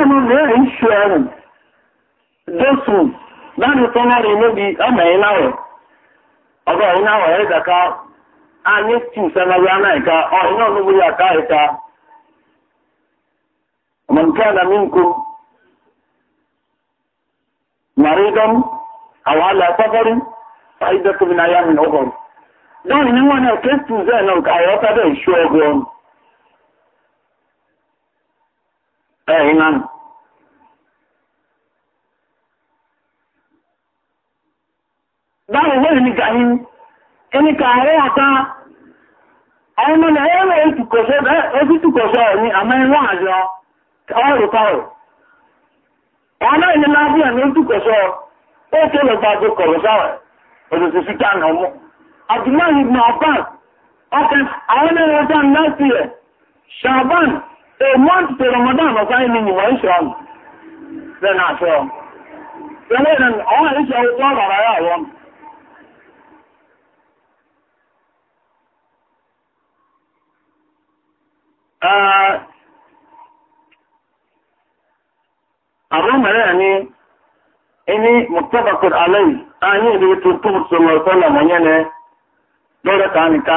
ẹnu lẹ́rìí ń ṣe ẹrùn jésù láti tán náà rí níbi ọmọ yìí láwẹ̀ ọgbà yìí náà wọ̀nyẹ́ ìdàká a ní tù sẹ́nàwé anáìka ọ̀hìn náà níbo yà ká ìta ọmọnìkẹ́ àdàmí nkó màrídọ́m àwọn àlà sọ́kọ́rí fàídẹ́tòmínà yá mi ọgọ́rùn-ún lónìí ni ní ọ̀kẹ́ tù ọgọ́rùn-ún Eh Imam. Báwo wọ́n ní gàyín? Ẹni kààrẹ àta ọmọ nà ẹ̀rọ ìtùkọ̀ṣọ́ ẹ̀fí tùkọ̀ṣọ́ ní àmọ́ ẹ̀rọ àjọ ọrù kọrù. Ọmọ ìní lábíyà ní ìtùkọ̀ṣọ́ ó tó lọ bá jẹ kọ̀rọ̀ sáwẹ̀ òṣèṣì síkà nà A month to Ramadan was I mean why Islam. Then I saw. Then then all this out all I want. Àwọn mẹ́rẹ̀ ni ẹni mọ̀tọ́bàkùn alẹ́ yìí, a ní ìdíwẹ́ tó tó mọ̀tọ́lọ̀ mọ̀nyẹ́ ni lọ́rẹ́ta nìka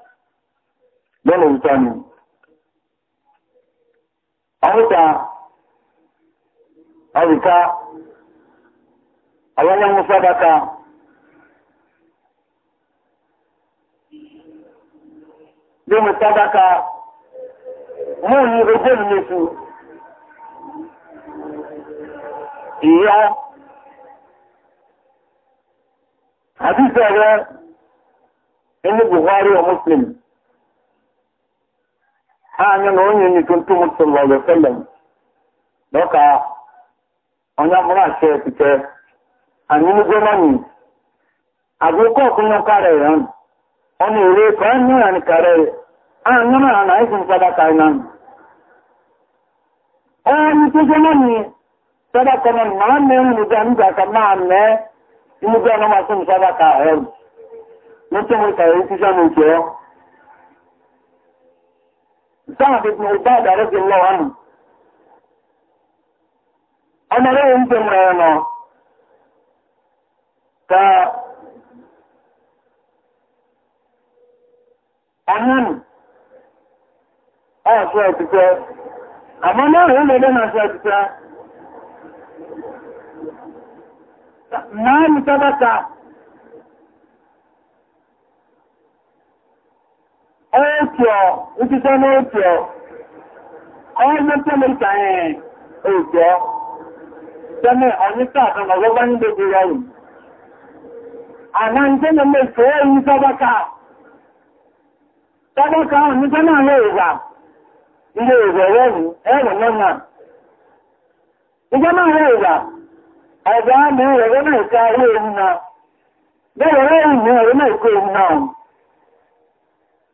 lọ́nà ìta ni àwọ́ta àríká àwọ́wọ́n sábàkà bí mo sábàkà mú ní ogún ìlẹ́sù ìyá àbíjẹ̀ rẹ̀ inú buhari o muslim anya na onye ni tuntum sallallahu alaihi wasallam doka onya mura se tike ani ni gomani abu ko kunyo kare yan ere ka ko ni an anya na na isin sadaka gomani na ka Sáàdì ibn Ubada radiyallahu anhu. Ọmọ lẹ́yìn ń tẹ̀mọ̀ ẹ̀nà ka ọmọ́n ọ̀ṣọ́ ẹ̀tìtẹ́. Àmọ́ lẹ́yìn lè lẹ́nà ọ̀ṣọ́ ẹ̀tìtẹ́. Máa ní sábàtà ọ́ọ̀tọ̀ ntíkọ́ n'ọ́ọ̀tọ̀ ọ́ọ̀mọ́tọ́lẹ̀ta ẹ̀ òjò tẹ́lẹ̀ ọ̀nítà àtàwọn ọgbọ́gbá ní gbogbo yọrù àmá ń mẹ́fẹ́ ẹ̀yí sọ́bọ́ká sọ́bọ́ká ọ̀nítà náà lè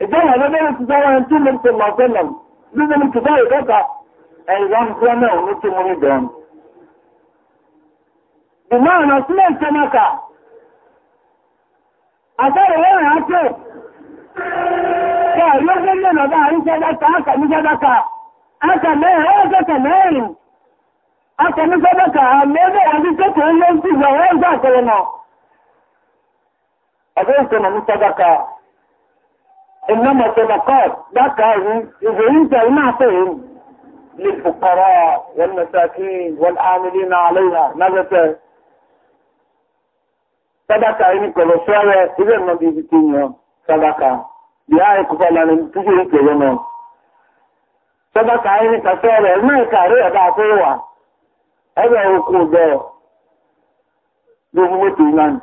idan ya zama yana tsawa yan tun da sallallahu alaihi wasallam duk da mutu ba ya kaka ai zan kuma na wani tun wani da wani bima na suna ce maka a tsara yana ya ce ka yi wajen na ba a yi sadaka aka ni sadaka aka ne ya kaka ne yin aka ni sadaka a me zai a ji kaka yin yanzu da wani za ka yi na a zai ce na ni sadaka إنما الصدقات إذا أنت المعطين للفقراء والمساكين والعاملين عليها ماذا صدقة إن كل شوية إذا ما بيبتين يوم صدقة بهاي كفالة من تجري كيوم صدقة إن كفالة ما يكاريه بعطيوة هذا هو كودو دومتي نانت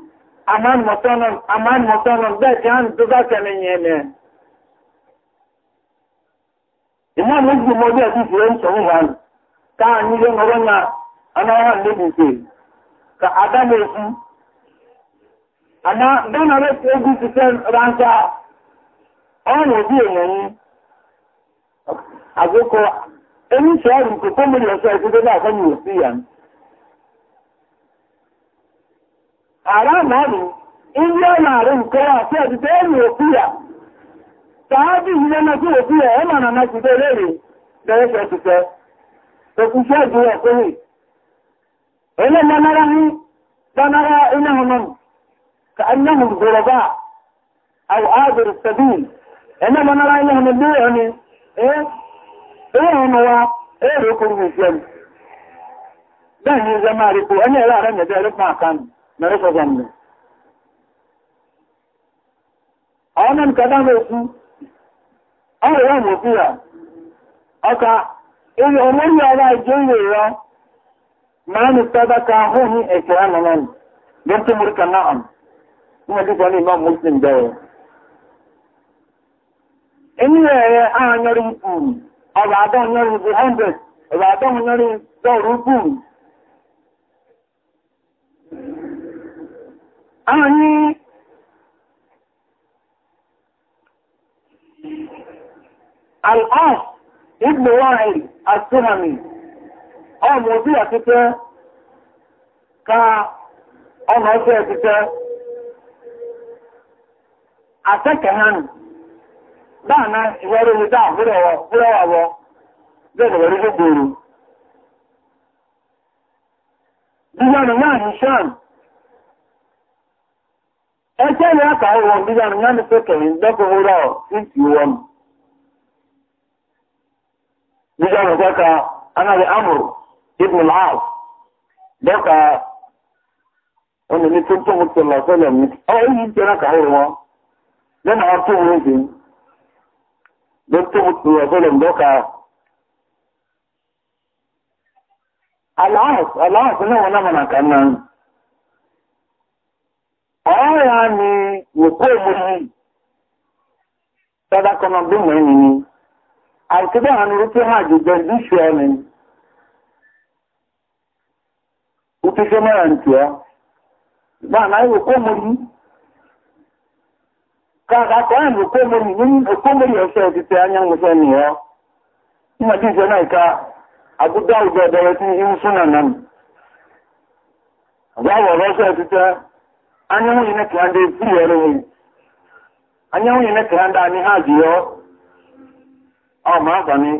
aman motonum, aman motonum derken dudakla yemeğe. İmam Hüsnü Mobi'ye bir süren sonu var. Ka milyon oranla anayan ne bilsin. Ka adam olsun. Ana ben alıp ödü tüten ranca on ödü yemeği. Azoko, emin çağırın ki komedi olsa ödü de daha sen yoksun ya. ara na-arụ ndị ọ na-arụ nke ya asị ọdịda enyi okwu ya ka ha dịghị ihe ya ọ mana ya onye mmanara mayasa zanne ọnụ nkata na-ekwu ọrụ ya bụ ya ọka ịrị omori ọrụ ajọ ihe ya ma anyị tada ka nọ don tó mori kana am na imam muslim dawo ẹni ẹ̀rẹ̀ ahanyọrị ikwu ọba adọ nyọrị bụ 100 ọba adọ nyọrị dọrụ àwọn ní al'as ibn wa'il as ọmọ bí ka ọmọ ọjọ́ ẹ̀tútẹ́ àtẹ́kẹ̀ hànù dáàna ìwọ́rọ̀ dáà fúrẹ́wà wọ bẹ́ẹ̀ lọ̀rọ̀ ìlú gbòòrò Bí ní ẹgbẹ́ ni a kàá wọn bí láàrin yánni pé kẹ̀yìn dọ́kọ̀ wúrà ọ̀ sí ti wọn. Nígbà wọn kẹ́ka anáre amòrò ibn al-Aas dọ́kà ọ̀nà ní tó tó mọ̀tò lọ́sọ̀lọ̀ mi. Ọ̀rọ̀ yìí jẹ́ náà kàá wọn lẹ́nu àwọn tó wọn sí. Ló tó mọ̀tò lọ́sọ̀lọ̀ dọ́kà. Aláàs Aláàs náà wọn náà mọ̀ nà kàn náà. ọ̀rọ̀ ni òkú òmùrí tọ́dákọ́nà gbọ́mọ̀ ẹni ni àìkébẹ̀ àwọn orúkú hàn jẹjẹ lúṣù a òtúṣẹ́ mẹ́rẹ̀ ń tẹ́ gbà náà òkú òmùrí káàkọ́ ẹ̀ òkú òmùrí ní òkú òmùrí ọ̀ṣẹ́ ìtìtẹ̀ anyánwọ̀ṣẹ́ ni ọ́ níwájú ìṣẹ́ anyanwụ yi na-ekele ndị mpiri ọrụ ewu anyanwụ yi na ndị anyị ha ọ ma abalị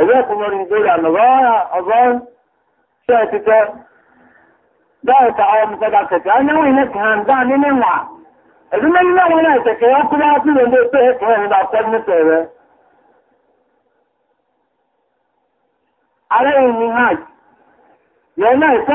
ebe ekwunyere ndori ya ọzọ si etite dọọ ka ọ mụtara kete anyanwụ na ndị anyị n'ịnwa na nwere atụ ndị ara ya na-ete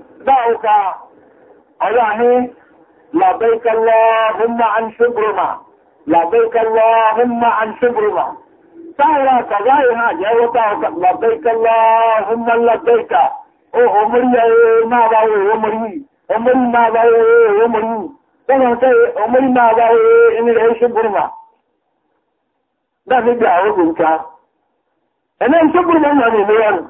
دعوك الله لبيك اللهم عن شبرما لبيك اللهم عن شبرما سهلا كذايها جاوتاك لبيك اللهم لبيك او عمري ما باو عمري عمري ما باو عمري كما تي عمري ما باو ان الهيش برما ده في دعوة انت انا شبرما انا مليان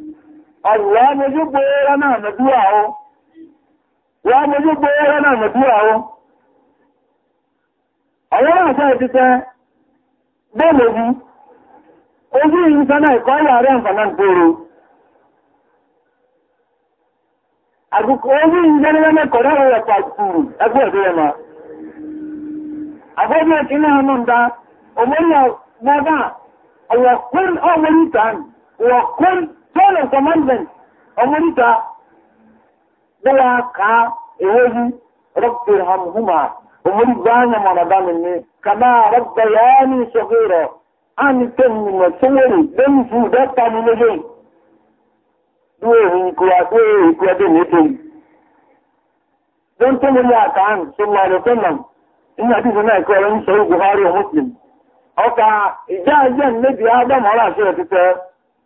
ọ̀rọ̀ mojú gbóòrò náà nàdúrà ó wọ́n àṣà ìtìtẹ́ bọ́ọ̀lọ́bí ojú ìrìnsẹ́ náà ìkọ́ ìyà rẹ̀ gbòòrò àgùkọ ojú ìrìnsẹ́ náà kọ̀dọ̀ rẹ̀ pàtàkùrù ẹgbẹ́ ẹ̀dọ́ rẹ̀ máa ọmọ ǹdá ọmọ Ten of commandments ọmọlítà ka ká ìwéyí rọ́pẹ̀ hàmhúmà ọmọlí báyà mọ̀nàdánù ní kàmá rọ́pẹ̀ yáà ní sọ́fẹ́rọ̀ á ní tẹ́mù mọ̀ sọ́wọ́rọ̀ lẹ́yìn fún dọ́ta ní lójú duwéhùn kúrò àgbéyé ìkú ẹdẹ nìkan don sọ buhari muslim ọkà ìjà adam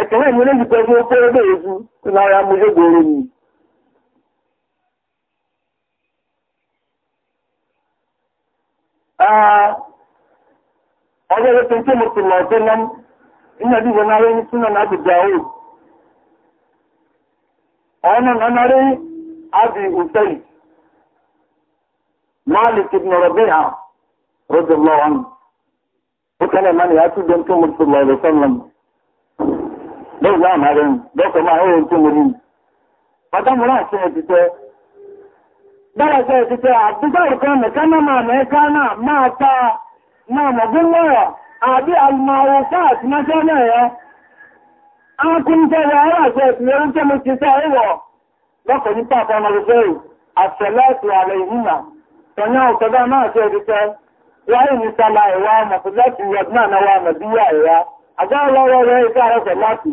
ẹ̀tẹ̀wé mi lè jùpẹ́ fún ọpọ́ ẹgbẹ́ ìfú tó lára mú ṣégbòrò mi ọjọ́ ẹgbẹ́ tí mo ti mọ̀ ọ̀tọ́ lọ́m iná náà rẹ̀ ní súnà láti ọ̀nà náà rẹ̀ ábì òtẹ́lì máàlì ti nọ̀rọ̀ bí i hàn rọ́jọ̀ lọ́wọ́n ó kẹ́lẹ̀ á lóògbé àmàrin lọ́kọ̀ máa ẹ̀rọ tó mú ní ọ̀dọ́mùrá àti ẹ̀tìtẹ́ bẹ́rẹ̀ ẹ̀tìtẹ́ àdúgbò ìkan mẹ́kánà máa mẹ́kánà máa ta máa mọ̀gún lọ́rọ̀ àbí alìmọ̀wò fáàtì mẹ́kánà ẹ̀ ákúntẹ́rẹ̀ aláṣẹ rẹ̀ láti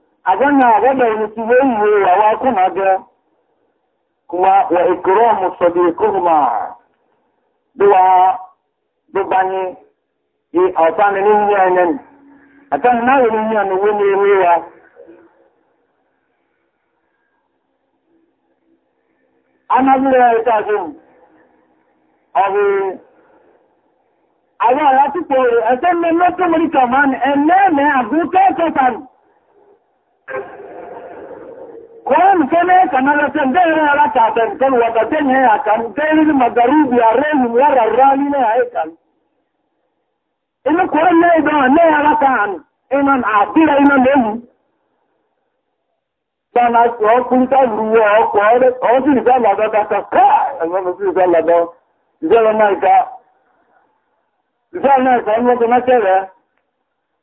agana agada mutu wewe wa kuna ga kuma wa ikramu sadiquhuma duwa dubani di awtan ni nyanen atan na ni nyanen woni wewa ana bile ta sun abu awa lati ko esen me mo to mori kaman enne Kwan kene kanalasen dere alakaten kan wakaten he akan dere magarubi arelu yara rali ne aekan. Ina kwan ne da ne alakan inan adira inan lemu. Bana ko kunta ruwa ko ore o si ga la da ta ka ayo mo si ga la do. Ga la na ka. Ga na ka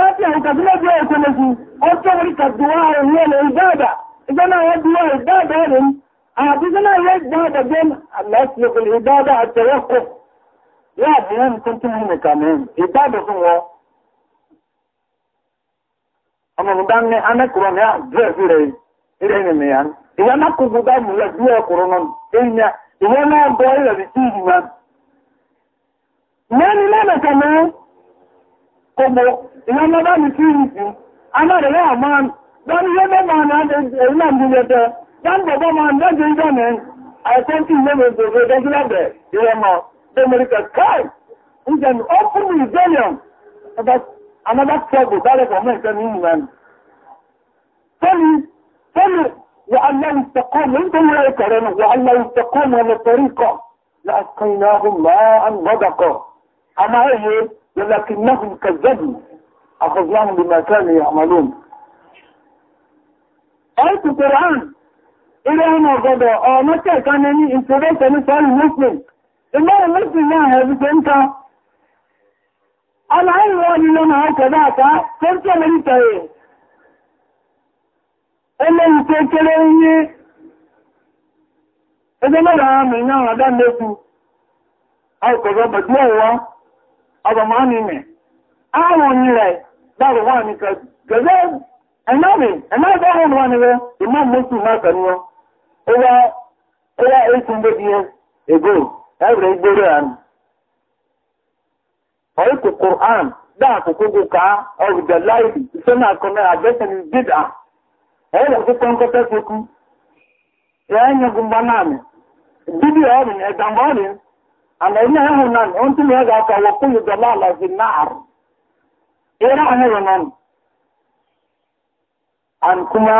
Kafin ka zama biya ya kuma su, an ta wuri ka duwa a yana ibada, zana ya duwa ibada ne, a bi zana ya ibada bin Allah su yakul ibada a tawakko. Ya bi yin tuntun man. Nani na na kamin, gbogbo ìrànlọ́bá ní kí ìrìnkú aláàrẹ̀lẹ́ àmọ́ lórí yóò mẹ́mọ̀ ìrìnà ìgbìyànjẹ́ dáńgbọ̀gbọ́ máa ń dájẹ́ ìjọ́nà àìkọ́ntì lẹ́mọ̀ ìgbògbò ìdẹ́gbìlẹ́gbẹ̀ ìrẹ́mọ̀ dẹ́mọ̀ríkà káì ń jẹ́ ní open rebellion another struggle direct from men tẹ́lú ìmúlẹ́nu tẹ́lú tẹ́lú wà aláìsẹ̀kọ́ ló ń tó yẹ ẹ̀kọ̀rẹ́ nù wà aláìsẹ̀kọ́ mọ̀ lọ́tọ̀ríkọ̀ láàkọ́ ìnáhùn máa ń gbọ́dọ̀kọ̀ àmọ́ ẹ̀yẹ ولكنهم كذبوا أخذناهم بما كانوا يعملون آية القرآن إلى هنا غدا أو متى كان يعني انتبهت لسؤال المسلم الإمام المسلم لا هذا أنت العين وأن لنا هكذا كنت من تهيه إلا يتكلمني إذا ما رأى من هذا النسو أو كذا بدلوه ọgbọ̀mọ́ni mi àwọn onírẹ̀ dáàbò wà ní gẹ̀gẹ́ ẹ̀nàmì ẹ̀nàdọ́rùn wà ní rẹ̀ ìmọ̀ mọ́sù mọ́sàn ní ọwọ́ ẹ̀kùn bẹ́bí ẹgbò ẹ̀rẹ̀ ìgbèrè àmì ọ̀ẹ́kùkù àn dáàkùkù gùkà ọ̀rùdẹ̀ láìdì ìsọ́nà ya alainehunan ontumegaka wakuyu dalala fi nnar irahehunan and kuma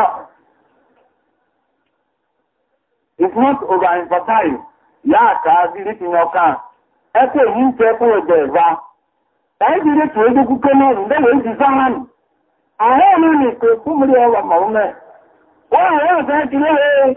is not overemphasize yaaka diritinyoka eke yinte kuwedeva taidire tuwedukukenonu ndeweizisahan ahenuni kekumuliewa maume waweotakilewe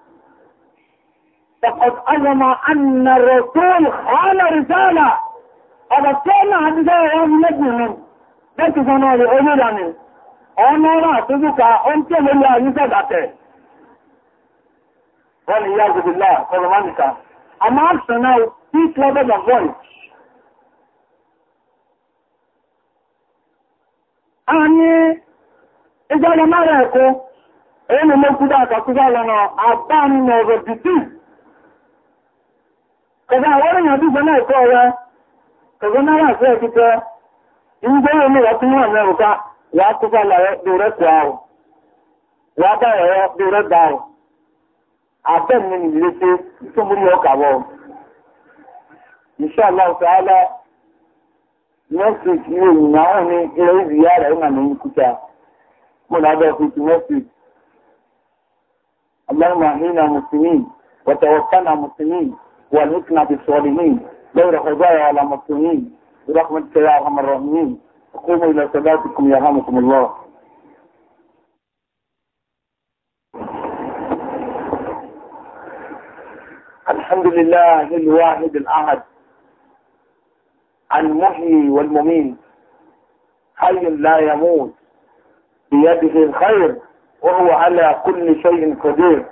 فقد علم أن الرسول قال رسالة أبطلنا عن ذا يوم نجمهم بك زمان أولاني أنا لا تبقى أنت لله يزدعته والعياذ بالله قرمانك أما also now speak louder than voice Anyị ịjọ ọlọmọrọ ẹ̀kọ́, èyí ni mo kúdà àkàkúdà lọ́nà àbáni na ọ̀rọ̀ dìtì Kọ̀dá àwọn èèyàn bí gbọ́nà ẹ̀kọ́ ọ̀rẹ́, kọ̀gbọ́nà wà fẹ́ ti tẹ́, ìgbẹ́ omi wà tún wà náà rùká, wà á kúfà lẹ́rẹ́ bí rẹ̀ kọ̀ àrùn, wà á bá ẹ̀rẹ́ bí rẹ̀ dà àrùn. Àfẹ́ mi ni ìlú ṣe tó mú ní ọkà wọ̀. Ìṣẹ́ àlọ́ ọ̀sẹ̀ alẹ́, àwọn والفتنة بالصالحين دور حضايا على مفتونين برحمتك يا أرحم الراحمين قوموا إلى صلاتكم يرحمكم الله الحمد لله الواحد الأحد المحيي والمميت حي لا يموت بيده الخير وهو على كل شيء قدير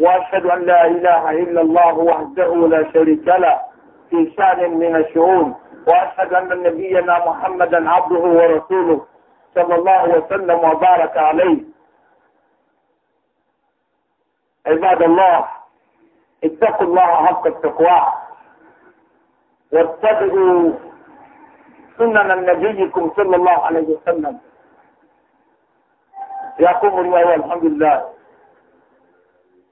وأشهد أن لا إله إلا الله وحده لا شريك له في شأن من الشؤون وأشهد أن نبينا محمدا عبده ورسوله صلى الله وسلم وبارك عليه عباد الله اتقوا الله حق التقوى واتبعوا سنن نبيكم صلى الله عليه وسلم يقوم الله والحمد لله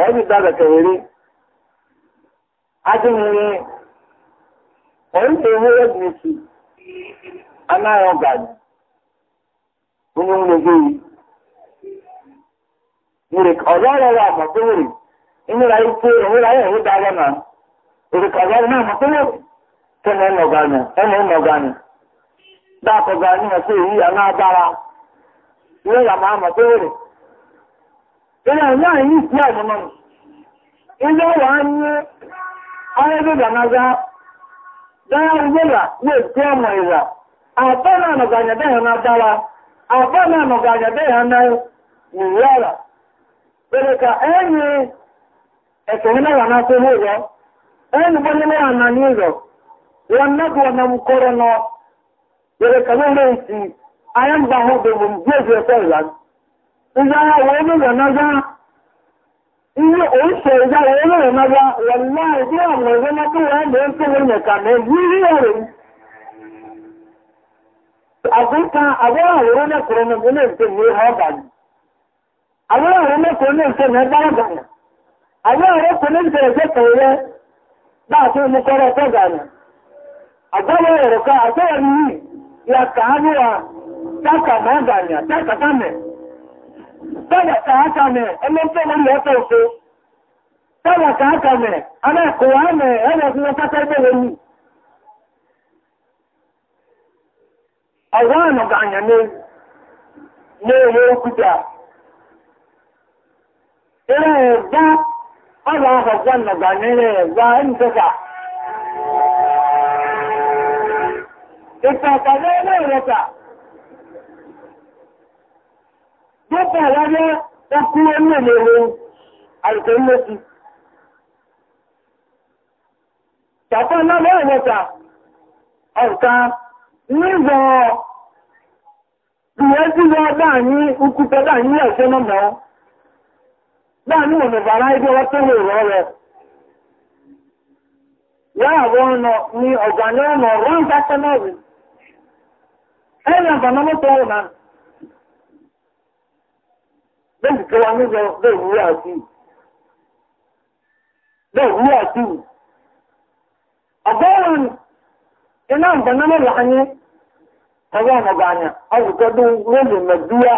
ọdún dára kẹwèrè adéwòye ọ̀rẹ́dẹ̀wò ẹ̀dùnìsì anáyọ̀ gàdì nínú ńlẹ̀gbẹ̀ yìí mèrè ọ̀dọ́ ọ̀rọ̀ wa mọ̀ tó wèrè ìnira yìí tó ìnira yìí ẹ̀rọ dára náà èrè kọ̀ọ̀dọ́ náà ìrìn àjá ìlú ìpínlẹ̀ ọmọ ilé wà ní ayébẹ̀gbànáza dára ìgbẹ̀gbà ní ètò ọmọ ìrà àbọ́ náà nọ̀gà àyẹ̀dẹ́ ìhànà dára àbọ́ náà nọ̀gà àyẹ̀dẹ́ ìhànà ìrọ̀rà pẹ̀lú ka ẹni ẹ̀kẹ̀rin náà tó ẹni bọ́ ní ìrọ̀ kọ́rọ̀ náà ka lórí ìsìn ayé ń bá wọn ìyáwó onírànnájá ilé oúnjẹ na onírànnájá wọ̀lá ndị àwọn ìrọ́lá tó wọ́n lè ń tó wọ́n kà ní rírí ọ̀rẹ́ àgbéka àwọ́ràn òun na ní ndị a talaka aka mere emempenwere efe ofe talaka aka mere a na-akụwa mere ha na-ekwu nwetata ebe a ọgwa anọghị anya na-ere okwute a ere ẹ̀gbá ọ̀rọ̀ ọ̀gbọ̀gbọ̀ ka. nílẹ̀ ka ẹnìkẹta ìtàkàlẹ̀ ẹlẹ́rẹ̀ta tó bọ̀ wáyé ó kú orí èlèrè àìsàn lóṣù. Tàbí lọ́wọ́ ìwọ̀ta ọ̀ta nígbọ̀ ìwẹ́jú lọ láàrin ukúta láàrin ẹ̀ṣẹ́ mọ́mọ́ láàrin òmìnira ibi ọwọ́ tó lè rọ́ rẹ̀. Yáàwó ọ̀nà ni ọ̀gbà ní ọ̀nà ọ̀rọ̀ bẹ́ẹ̀ tó wá nílọ bẹ́ẹ̀ wúrà sí i bẹ́ẹ̀ wúrà sí i ọgọ́rùn-ún iná ìdánámọ́ wà ní ọwọ́ ọmọbàányà ọ̀rùkọ́ tó lóòlù mẹ́dúwà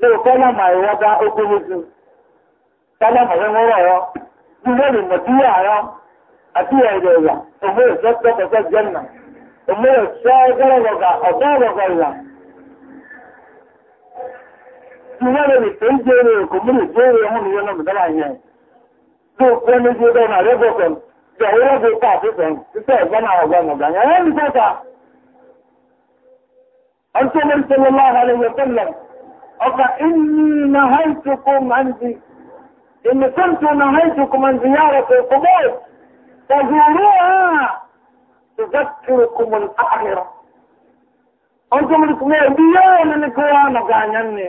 lóòkọ́ lámà ìwọ́dá okòwòsù sálámà ìwọ́n wọ̀ ọ́ bí lóòlù mẹ́dúwà rọ àti ẹ̀rẹ̀ ìyà òmùrẹ̀ sọ́tọ́kọ̀ọ́sọ́ jẹ́nà òmùrẹ̀ sọ́ ọgọ́rọ̀gọ̀gà ọgọ́rọ̀gọ̀ ìyà Ìyáre rẹ̀ tó ń jẹ́ rẹ̀ kò múlò jẹ́ rẹ̀ mú ní yọ́nà mìtọ́lá yẹn. Tó kọ́ ní jẹ́ bẹ́ẹ̀ náà lẹ́gbọ̀ọ́ kan, jẹ́ owó bó pa àfihàn, títẹ́ ẹ̀gbọ́n àwọn ọgbà ọgbà yẹn. Ẹ̀yẹ́ ní kọ́ta. Ọjọ́ mẹ́rin tó lọ́lá àhàlẹ̀ yẹn tó lọ. Ọkà ìní na hàìtù kó máa ń di. Ìní kọ́ntù na hàìtù kó máa ń di yára tó kọ́ bọ́. Tọ̀gùrúwà tuzakkiru kumul àhìrà. Ọjọ́ mẹ́rin tó lọ́lá àhàlẹ̀ yẹn tó lọ.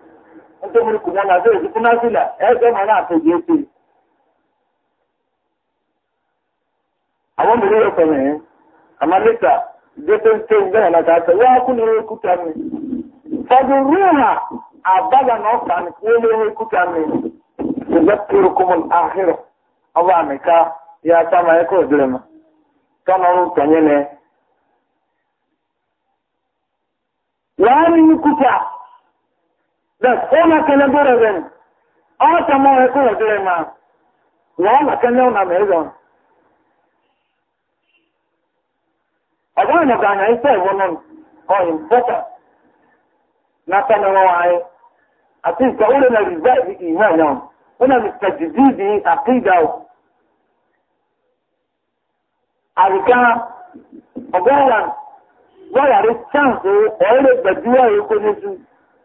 nítorí na mọ́ làbẹ́ òkú náfìlà ẹ̀ẹ́dẹ́ máa náà fèjì ètò. àwọn mìíràn yóò kọ̀ọ̀mù yẹn àmọ́ lẹ́tà ìgbésẹ̀ tó ń bẹ̀rẹ̀ láti àtẹ wọ́n á kú ní orí kúta mi. fọdù rúhà àbálà náà kà ní wọ́n lé orí kúta mi. ìgbà tó rú kọ́mọ àhírọ̀ ọba àmì ká yá sáma ẹ̀kọ́ ìdúró mi. kánà ọ̀rùn tọ̀nyẹ́ nẹ. wàá ní kúta. that ona kene bere ben ata mo e ko dire ma wa na kene ona me don aga na ga na ise wono o impota na ta na wa ai ati ka ole na rivaji i na na ona mi tajdidi aqida o arika ọgọ́ra wọ́n yàrá ọ̀rẹ́ yìí kó ní sùn.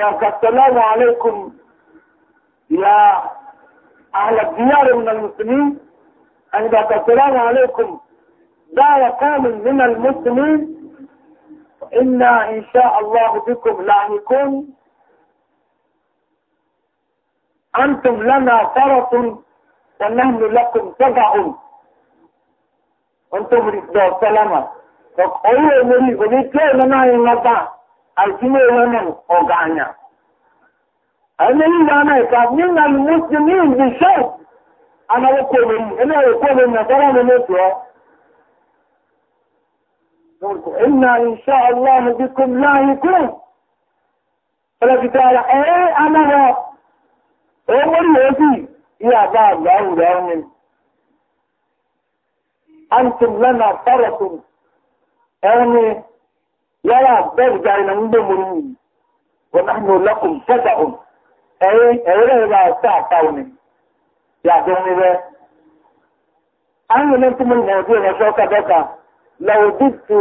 ذاك السلام عليكم يا أهل الديار من المسلمين أن ذاك السلام عليكم دار كامل من المسلمين إنا إن شاء الله بكم لاحقون أنتم لنا فرط ونحن لكم سبع أنتم رسول سلامة فقولوا ولي ونكلوا لنا ينضع asimewenan oganya ainihin ka min na muslimin bi shek ana wako mai ina wako mai nasara ne mutuwa inna insha Allah bikum lahikun falaki ta'ala eh ana wa e, ba da antum lana faratun yala bẹẹ na ń gbé mu ní yìí wọn náà ní ọlọkùn tẹta òun ẹyẹ ẹyẹ rẹ bá ọtá àtà òun ni yàtọ̀ ní bẹ. àwọn ẹni tí mo nà ọdún ẹ̀rọ sọ́kà dọ́kà lọ́wọ́ dìtú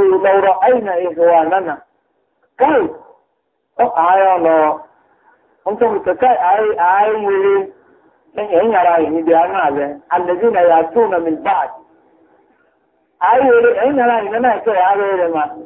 ọ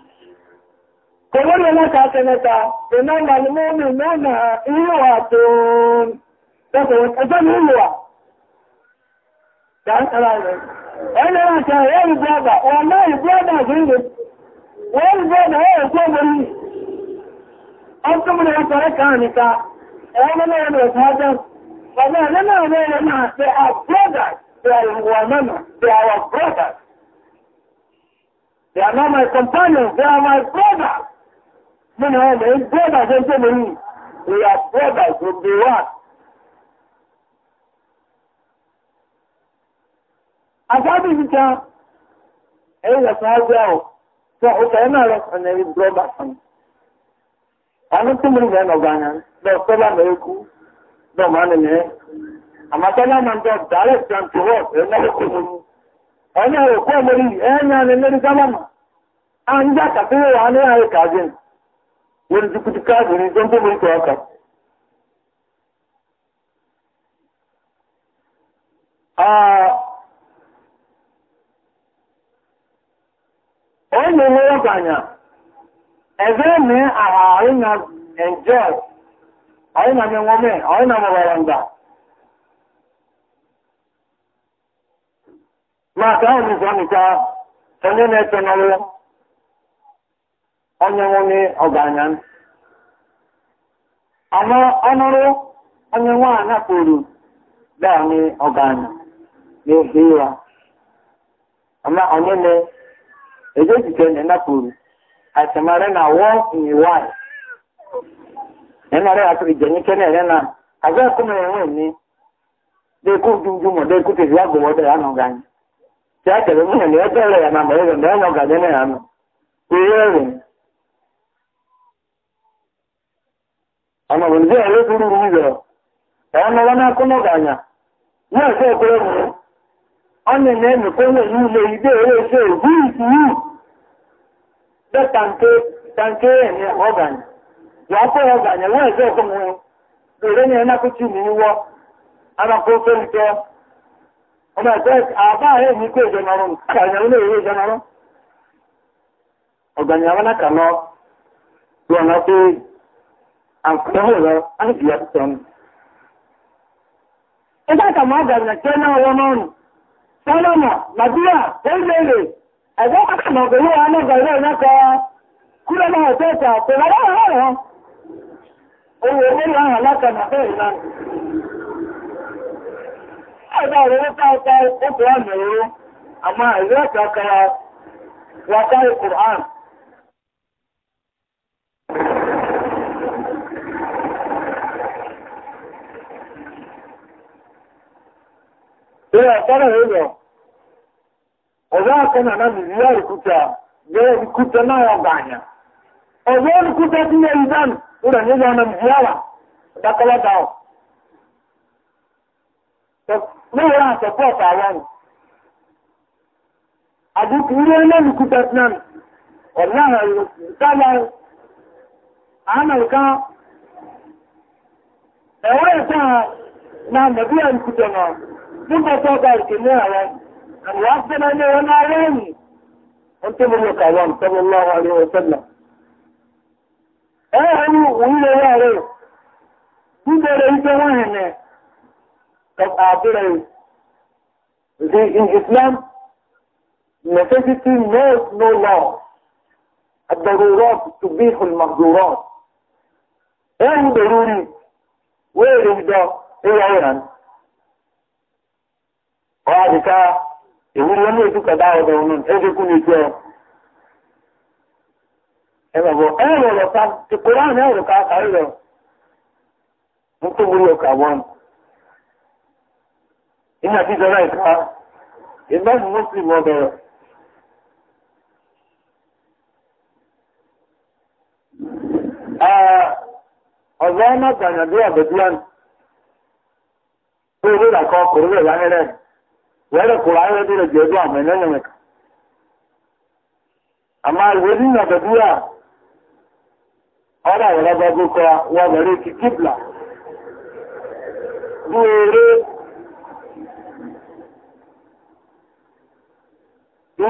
Kòwòrò látàtẹ̀lẹ́ta, ìnáwà ni mọ́ mi mẹ́nà ìlúwà tó ń tẹ́kọ̀ọ́ ẹjọ́ ni ìlúwà. Dáńtàrà rẹ̀. Ẹni láti ẹ̀rẹ́ ìgbọ́gbà, wọ́n náà ìgbọ́gbà gbígbé. Wọ́n ìgbọ́gbà ẹ̀rẹ́ ìgbọ́gbà yìí. Ọkùnrin ọ̀sọ̀rẹ́ kan nìta, ẹ̀rọ mẹ́rin ọ̀sọ̀ ọjọ́. Ọ̀nà ẹ̀rẹ́ náà mẹ́rin náà ṣe àgbọ́gbà They are my brothers. They are my brothers. They are not my companions. They are my brothers. nínú ẹ̀mẹ̀ ń bọ́ọ̀dà tó ń tó lórí ìyà bọ́ọ̀dà tó bè wà. Àjábì níta, ẹ̀yìn ẹ̀sán ágbẹ́ ọ̀, sọ òkè ẹ̀ náà lọ́sàn ẹ̀rí bọ́ọ̀dà kan. Àwọn tó múlù mẹ́rin ọ̀gá yẹn, lọ sọ́lá mẹ́rin kú, lọ máa nì Àmàtọ́lá máa ń jọ dàrẹ́ ìjàn tó wọ̀ ẹ̀ náà kó mú. Ẹ̀yìn ẹ̀rọ kọ́ mẹ́rin, ẹ̀yìn ń wani zukuti kafiri don ko mun haka a onye ne wabanya ebe me aha ayi na enjoy ayi na menwome ayi na mabaranga maka ahụ n'izu ọnịka onye na-eche n'ọrụ onye nwe ọganya ama ọnụrụ onye nwe a napụrụ daanị ọgaranya ama onye ne na napụrụ asemare na wọ nyiwai ẹnna rẹ àti ìjẹni kẹne ẹrẹ náà àgbẹ ẹkọmọ ẹwọn ni dẹ kó dundunmọ dẹ kó tẹsíwá gbọwọ dẹ yà nà ọgá yẹn tí a tẹlẹ mú yẹn ni ẹjọ rẹ yà nà na ẹrẹ mọ ẹyàn ọgá ama wenzie aleburu na ọnụwa n'akụnụ ganya ya ese okwere mụrụ ọnya na-emekwa onye na ide ere ese hu hu de tanke tanke enye ọganya ya ọkụ ọganya ya ese na na iwọ anakọ ofe ntọ ọmọ ẹgbẹ àbá ẹ ní kó ìjọ ka ọganya wọn èrè ìjọ ọganya alcohol and blood some. Ita kama da na kena wonon. Salama, Madia, Helele, a zo aka na gobe wa nan gari na ka kula na hoteta, ko ba da ha ha. O wo ne ya halaka na kai na. Ai da wo ta ta ko ko an ne amma ai za ka ka wa ta Qur'an. bẹ́ẹ̀ ọ̀pára ẹ̀rọ ọ̀rọ̀ akọ́nà a nìyí àrùkúta bẹ́ẹ̀ ìkúta náà ọgbà àyà ọ̀rọ̀ olùkúta tí yẹ ìdánù rẹ̀ nígbà ọ̀nà nìyí àwà dákọ́lá dáwọ̀ lóòrán àtọ̀pọ̀ àwọn àdúkù ilé olùkúta náà ọ̀nà ìrùkúta na na. ثم تقدر كناية أن يحصل أن ينالين أنت من قالوا صلى الله عليه وسلم أهل وإلى يارو كنت رأيت وهنا قد أعطينا في الإسلام Islam, necessity knows no law. الضرورات تبيح المقدورات. أهل ضروري؟ وإهداء إلى أهل ọwọ́ àdìká ìwúrí wọn ní ètò kẹta ọ̀dọ̀ òun ẹ̀ ṣe kú ní ìjọ ẹ bàbọ̀ ẹ rọ̀ lọ ká ti kóra ní ọ̀rọ̀ ká kárí lọ mú tó múrí ọkà wọn àti ìjọba ìka ọmọ tó rẹ̀ wẹ́rẹ̀ kura yẹn ti lè jẹ́ bí àwọn ẹ̀nẹ́ yẹn kan. àmọ́ ìwé ní nàbẹ̀dúrà ọ̀rọ̀ àwọn ọlọ́gbọ́gbọ́ kọ́ wọn bẹ̀rẹ̀ ti kíbla. bí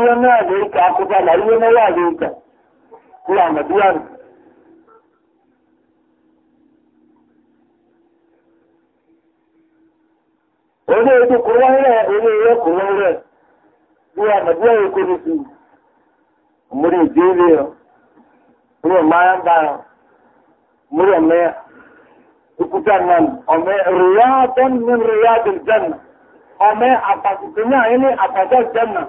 eré náà lè ka akópa là iye náà lè ka kúrò àmàdúrà nù. Olé ojú kúrò wáyé kuwa na ya kuri su muri jiri yo muri mayan ba muri me ukutan nan ome riyadun min riyadil janna ome apasitunya ini apadat janna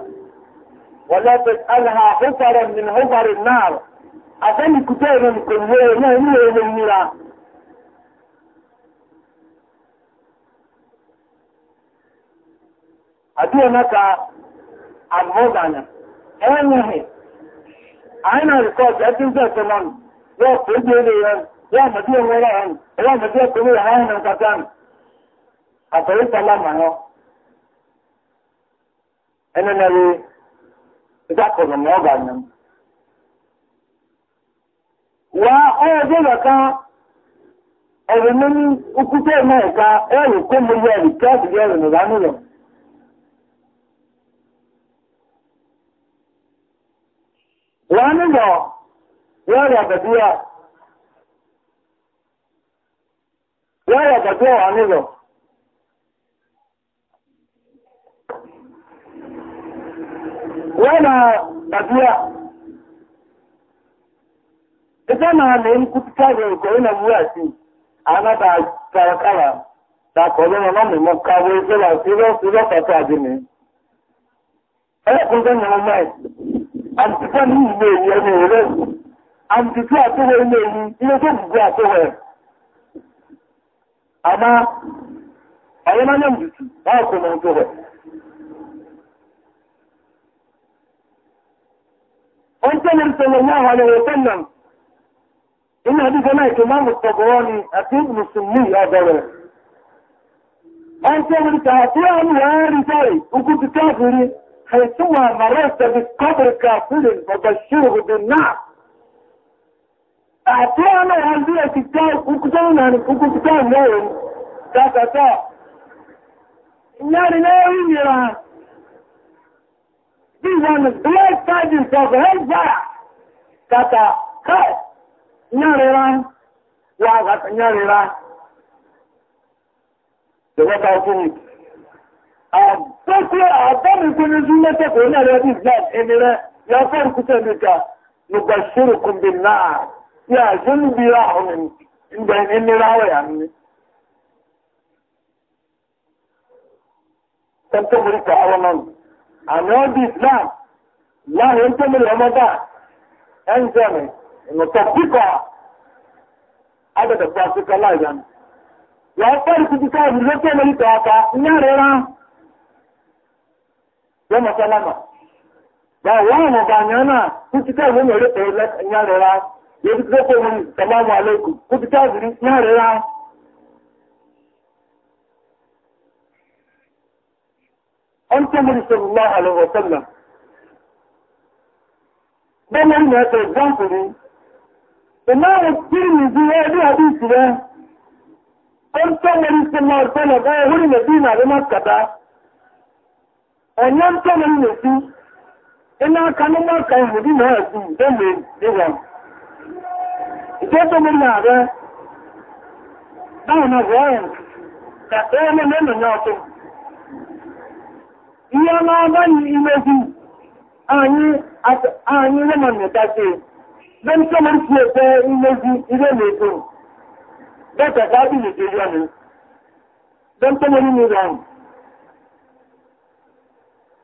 wala tasalha hufaran min hufarin nar asani na ni ni mira adiyo naka agbụgana enweghị anyị na-rekọdụ ebe ndị etemọnụ ya ọkụ ebe ele ya ya mmadụ ya ya ya na nkata akọrịtala ma ya enenere ịgakọrọ ma ọ ga-anya m wa ọrụ ọdụ ọ̀rọ̀ lórí òkúta ẹ̀mọ́ ẹ̀ka ẹ̀rù kó mo yẹ ẹ̀rù kí á sì yẹ ẹ̀rù wani wa yara gaduwa yara gaduwa wani wa yana gaduwa ita na alayin kututa da ikori na buwa si a na da karakara da kọlọ na mọmọ kawo ìṣẹlẹ àti ìrọsí lọpàá tàbí ni ẹkùn tó ní ọmọ ẹsìn àtìkà ní ìwé ìyẹn ní ìrẹ́ àtìkà ilé yìí ilé tó gbogbo àtúwẹ̀ àmá àyẹ́mánà mùtù láàkùn náà tó rẹ̀ wọ́n tẹ́lẹ̀ sọ̀rọ̀ ní àwọn àlẹ́wọ̀ inú náà ètò máa ni àti هيسوع مرات بالقبر كافل فبشره بالنعم أعطانا هذه الكتاب وكتابنا وكتاب لهم تاتا يعني لا يميرا بيزان بلاك تاجل تاغهل باع تاتا خير ناري ران واغت ناري ران لغتا وكنت Sọ́sẹ́ àdámikú ní Súnmẹ́tẹ̀ kò ya fẹ́ kúta nìka nígbà ṣírù kùnbí náà yà ṣe ń bí àwọn ìgbà ẹnirẹ́ àwọ̀ yà ní. Tẹ́ntẹ́ mú ríkà àwọn náà. ramada ọdí Islam láàrin tó mú lọ́mọdá ẹn jẹ́ mi ìmọ̀tọ̀ píkọ̀ àdàdàgbà ka láìyá. lọ́mọ sálámà. Bá wọ́n àwọn ọ̀gá mẹ́rin pẹ̀lú ẹ̀yà rẹ̀ ra. Yẹ́bi tó kó wọn sàlámù àlékù kú rẹ̀ ra. Ọ́n na sọ̀rọ̀ lọ́wọ́ àlọ́wọ́ sọ́nà. Bọ́lá ń mẹ́ta ìgbọ́ǹkù ni. onye ntọrọ m na-ekwu ịna aka n'ụmụaka ịhụ dị na ekwu eme dịwa nke tọrọ m na-arịa na ka na mẹ́nà ya ihe imezi anyị anyị na na ntọrọ m si ekwe imezi ihe na ka m n'ụlọ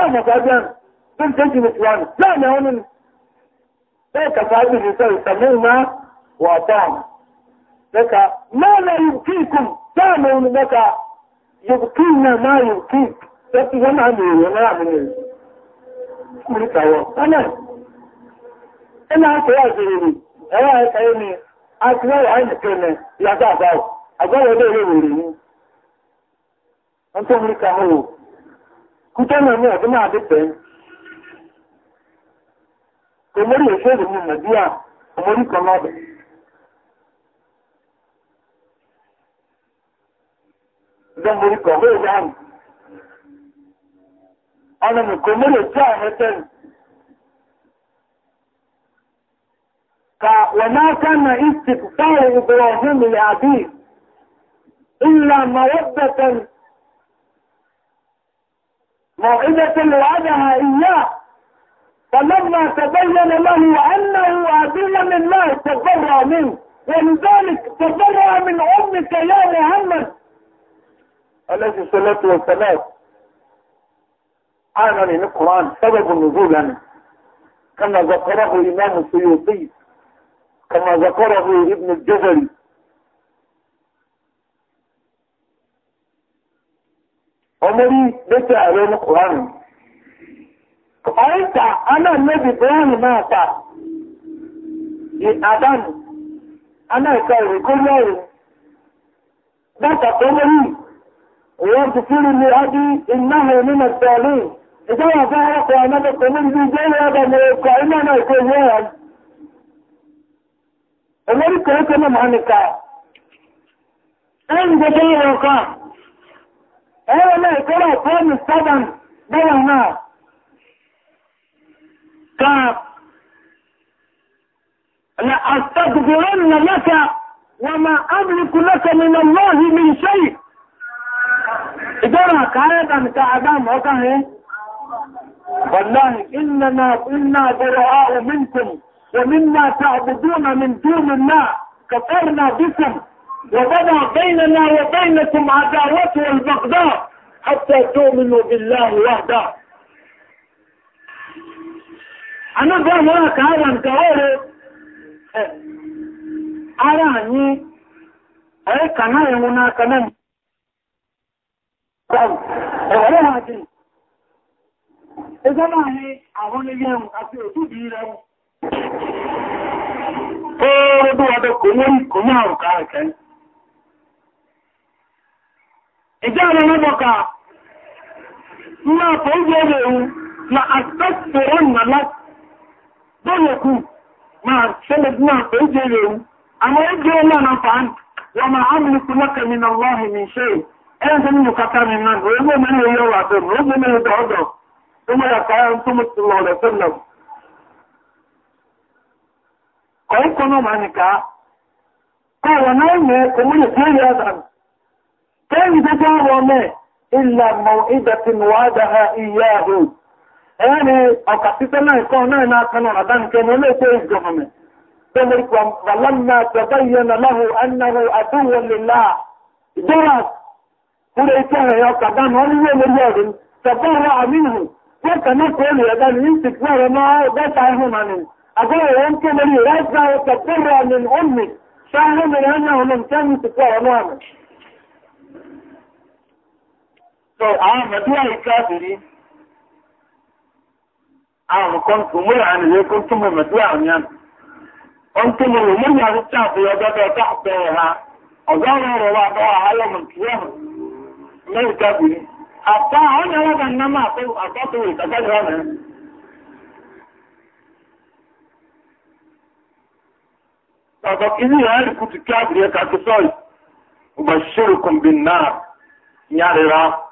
dama ka gan sun canji mutuwanu dama wani sai ka faɗi da sai samu na wata daga ma na yubkikun dama wani daga yubkin na ma yubkin sai wani amiri wani amiri kurkawa anan ina ka yi ajiyar ne kúkẹ́nà ní ọdún máa dé pẹ̀lú kan lọ́dọ̀ ìjọ mórí kan wọ́n yá mi ọ̀nà mi kò mórí òṣèlú ìsìnkú fáwọn ọ̀hún àbí ìlànà موعظة وعدها إياه فلما تبين له أنه أبي من الله تبرأ منه ولذلك تبرع من أمك يا محمد عليه الصلاة والسلام أنا من القرآن سبب نزولا كما ذكره الإمام السيوطي كما ذكره ابن الجزري ọmọrí lẹ́tẹ̀ ààrẹ ní kùránì ọ̀ríta aláàlẹ́bì bẹ́ẹ̀rẹ̀ máa ta ní àdánù aláìka ìrìnkúnlẹ̀rẹ̀ bẹ́ẹ̀ta ọmọrí wọ́n ti fírí ní adí ináhẹ̀ nínú tẹ̀lé ìjọba fún ọkọ̀ anábẹ́kọ̀ lórí ìjẹ́ ìrọ̀dọ̀ ní ọkọ̀ هو أيوة، لا ترى قوم الصدم بلا هناك كاب طيب. لأستغفرن لك وما أملك لك من الله من شيء إدارة كعادة كعدام وكهي إيه؟ والله إننا إنا براء منكم ومما تعبدون من دون الله كفرنا بكم وضع بيننا وبينكم عداوة والبغضاء حتى تؤمنوا بالله وحده أنا بقى مراك هذا انتهاره أراني أي كنا يمنا كنا أولا هذه إذا ما هي أهون اليوم أسيرتو بيرو Oòrùn bí wọ́n tó kò ní ijana nabaka ma ko yele wu na astaghfirun na dole ku ma na na fan wa ma amliku lak min allah min shay en san ni Ẹ̀rí tó jẹ́ wọn mẹ́, ìlà mọ̀ ìbẹ̀ tí mo wá dára ìyá na Ẹ̀rí ọ̀kà títẹ́ náà na náà náà kan náà rádá nìkan ní olóògbé ìjọba mẹ́. Bẹ́ẹ̀ni kò wàlámà tọ́gbà ìyẹn aláhù annahu àdúwò lèlá. Ìjọba kúrò ikẹ́ rẹ̀ ọkà dánù so àwọn mẹ́tíwá ìkáàkiri àwọn kan tó múlẹ̀ àmì yẹ kó tó mẹ́tíwá tó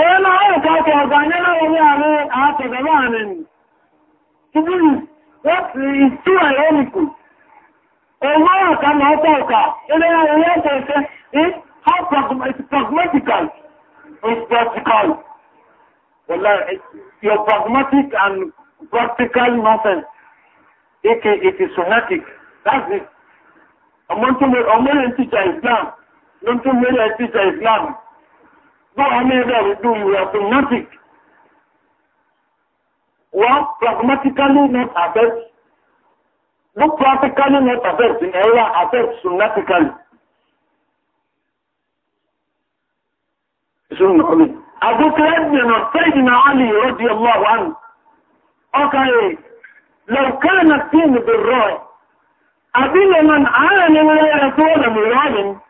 ẹ̀yẹ́ máa ń kọ́ ọkọ̀ ọ̀gbà nílá orí ààrẹ àátẹ̀bẹ̀rẹ̀ ààrẹ nì ṣubúrù láti ìtú ẹ̀rẹ́ nìkù owó ọ̀ká máa tọ́ ọ̀ká ilé ẹ̀rẹ́ is how pragmatical is practical well, your pragmatic and practical nonsense it, it is somatic that's it ọmọ tí mo ọmọ yẹn tíjà Islam ló ń tún mẹ́rẹ̀ tíjà Islam Do I mean that we do you are fanatic? Well, pragmatically not affect. Not practically not affect. In error affects sunnatically. Sunna Ali. Abu Talib bin Sayyidina Ali radiyallahu anhu. Okay. لو كان الدين بالرأي أبي من عالم ولا يكون ملالم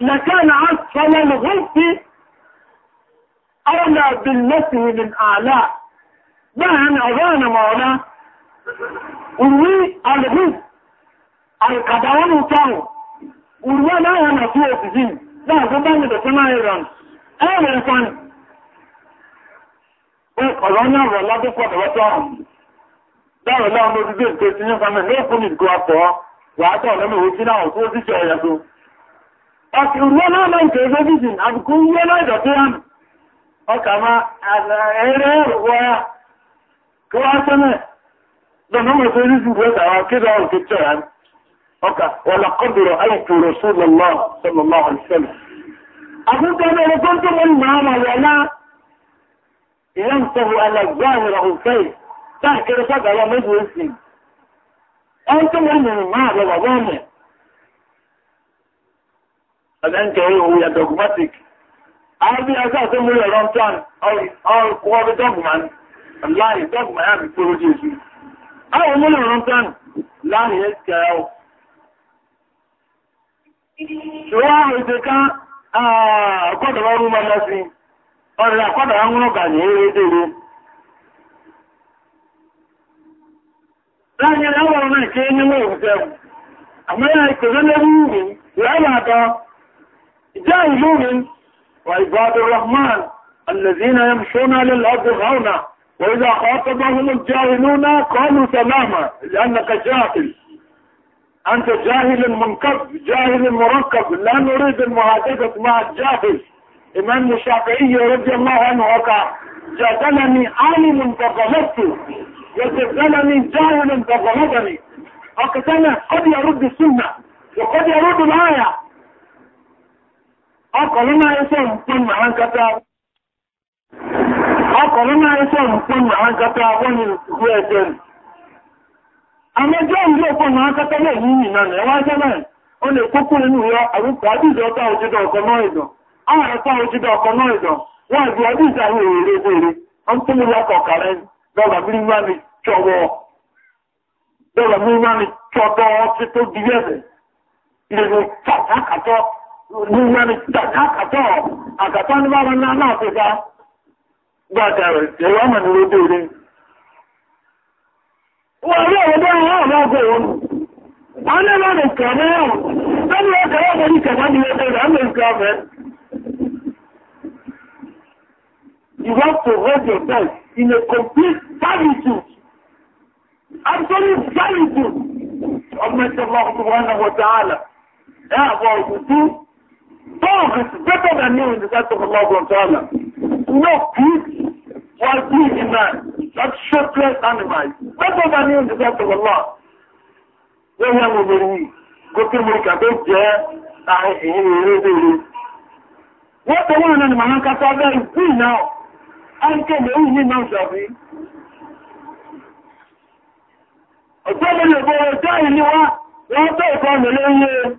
لكان عطفل الغرف أولى بالتي من أعلى na ya na fiye su jin da gudan da suna iran ẹ̀rẹ̀ fan ọ̀rọ̀ náà rọ̀ lábúkọ̀ ọ̀rọ̀tọ̀ ọ̀hún dáwọ̀ láwọn olùgbé ìpèsè ní ọmọ ẹ̀lẹ́kùnrin ọ̀sìn ìwé náà nke ebe ẹgbẹ́ bìsìn àbùkù ìwé ma ya ẹ̀lẹ́nkẹ̀ẹ́ we are dogmatic. a bí ẹgbẹ́ tó múlẹ̀ rọ́ntán ọkọ̀ ọbẹ̀ dogman láì dogman yà bí kúrò jésù. àwọn múlẹ̀ rọ́ntán láì ẹ̀kẹ́ ọ. ṣùgbọ́n àwọn ètò kan àkọ́dọ̀wọ́ rú mọ́ lọ́sí ọ̀rẹ́ àkọ́dọ̀wọ́ ń rọ̀gà ní eré dèrè. láyé láwọn ọmọ ìkéyìn ní wọ́n ìwúfẹ́ àmọ́ yà ìkòrò lẹ́wọ́ ìwé ìwé àbàdàn جاهلون وعباد الرحمن الذين يمشون على الأرض هونا وإذا خاطبهم الجاهلون قالوا سلاما لأنك جاهل أنت جاهل منكب جاهل مركب لا نريد المحادثة مع الجاهل إمام الشافعي رضي الله عنه جادلني عالم فغلبته وجادلني جاهل فغلبني اقتنع قد يرد السنة وقد يرد الآية ọkọ̀ ló máa ń sọ nǹkan ní àwọn ń sọ àwọn kẹta wọ́n ni ìlú ẹ̀jẹ̀ rẹ̀ àwọn ẹjọ́ ìlú ọkọ̀ ní àwọn kẹta lè yí ìrìnà rẹ̀ wá jẹ́ mẹ́rin lè kókó inú ọta ọkọ̀ náà nnan kakatɔ akatɔ ni bá wọn nana àfẹfà gbàtà rẹ ẹyọ ọmọ ni wọn béèrè wọn yóò wọn bá wọn àwọn ọgbẹ wọn wọn ní wọn nìkà mẹwọn lẹnu wọn kẹrẹ wọn nìkà wọn ni wọn béèrè àwọn nìkà mẹ. You have to hold yourself in a complete servitude, absolute servitude of Mr. Allah subhanahu wa ta'ala. Ẹ you do? Dog is better than you in the sight of Allah Ta'ala. No peace was being in man. That shapeless animal better than you in the sight of Allah. Wọ́n yẹ́ mo bèrè yìí, gòkè mo kà tó jẹ́ ààrẹ èyí eré bèrè. Wọ́n tó wọ́n náà ni màá ń ká sọ́dọ̀ ìpín náà, á ń kéde òun ní náà ṣàbí. Ọ̀tọ́ lè bọ̀ ọjọ́ ìlú wa, wọ́n ìkọ́ mi lóye.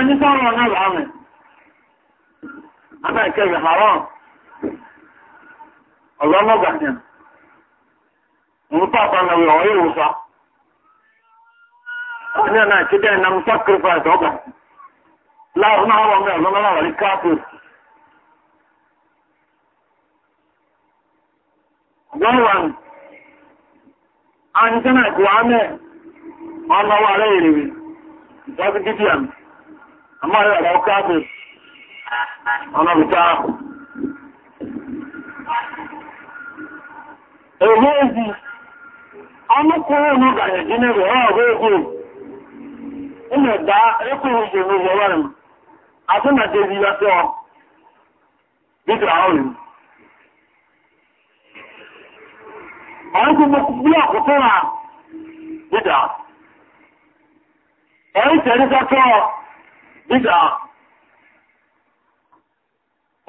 ní sọ́rọ̀ náà láàrin àmà ìkẹrì haram ọ̀lọ́mọ́gbà ni mú pàpà na wọ̀ ọ̀rẹ́ ìwòsá ọ̀nà náà kí dẹ́ẹ̀ na mú sacrifice ọgbà láàrùn náà wọ́n mẹ́ ọ̀lọ́mọ́ láwàrí káàpù Gbọ́nwàn, a ní sẹ́nà ìkùwà mẹ́ ọ̀nà wà rẹ̀ ìrìnrìn, ìjọ́ Amaghị yau da kafin ana fita Ewee ezi ọnụkwụrụ unu gara eji n'ebe ha ọgụ egwu ime daa ekwuru ji eme ụzọ m asị na jezi ya sịọ dịka ọrụ ọnụkwụ gbukwu tụrụ a. dịka ọrụ ise dịka chọọ. bidca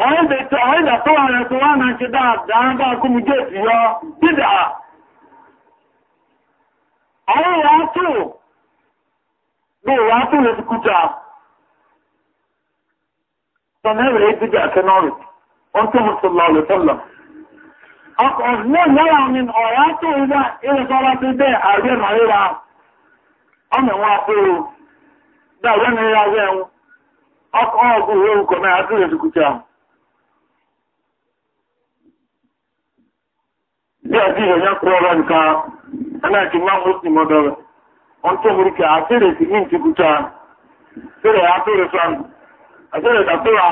ọ̀rẹ́dẹ̀ tí ọ̀rẹ́dẹ̀ tó wà rẹ̀ tó wà náà ṣe dáadáa kú mú jẹ́ ìyọ bídà ọ̀rẹ́ wà tó bí wà tó lè fi kúta sọmẹ́rẹ̀ bídà kẹnọ́rì wọ́n tó mùsùlùmọ́ lè tọ́lọ̀ ọ̀rẹ́ ọkọ̀ ọgùn lórúkọ náà àtúrẹ̀ ìdúkúta bí àti ìrẹ̀yà kúrọ̀rọ̀ nǹkan aláàkì máa mú sí mọ́dọ̀ rẹ̀ wọ́n tó múrí kí àtúrẹ̀ sí ní ìdúkúta sílẹ̀ àtúrẹ̀ sọ́n àtúrẹ̀ tàkúrà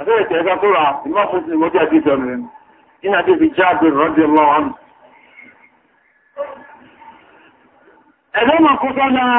àtúrẹ̀ tẹ̀ẹ́gá kúrà ìmọ̀ fún sí mọ́dọ̀ àti ìtọ̀ rẹ̀ nínú àti ìfi jáde rọ́dẹ̀ lọ́wọ́ ẹ̀dọ́ mọ̀ kúta náà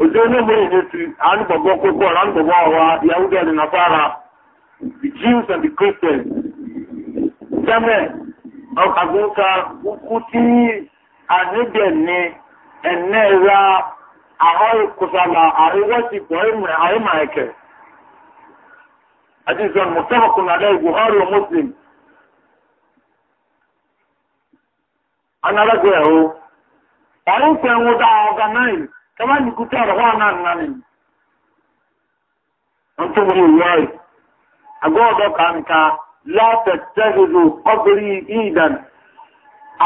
ojú onímọ̀ èdè ti àánúgbọ̀gbọ́ kókó ọ̀rọ̀ àánúgbọ̀gbọ́ ọ̀wá yahudi ẹni nàfàrà the jews and the christians tẹ́mẹ̀ ọ̀kàgúnka kú tí àníbẹ̀ ni ra àwọn ìkùsàlà àríwọ́sìpọ̀ àrímà ẹ̀kẹ́ àti ìsọ̀nù mọ̀tẹ́wọ̀kùn nàlẹ́ ìgbòhárì ọ̀ muslim anárágbé ẹ̀hó ọ̀rùn kama ni gutar wa nan nan an to mu yayi aga ọdọ ka la tattahidu qabri idan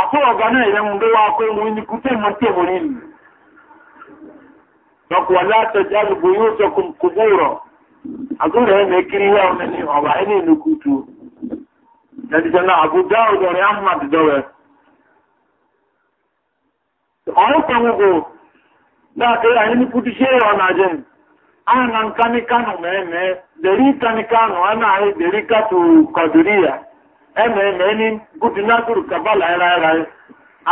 apo ogana ile mun do wa ko mu ni gutar mo ihe mo ni dok wala tajal buyutakum na agore me kiri ya on ni oba eni ni na anyị ya ọ na-aje m anyị na nkanịkanụ ma eme deri kanịkanụ anaghị deri katu ya eme eme ni gutinaturu kabala ịraịraị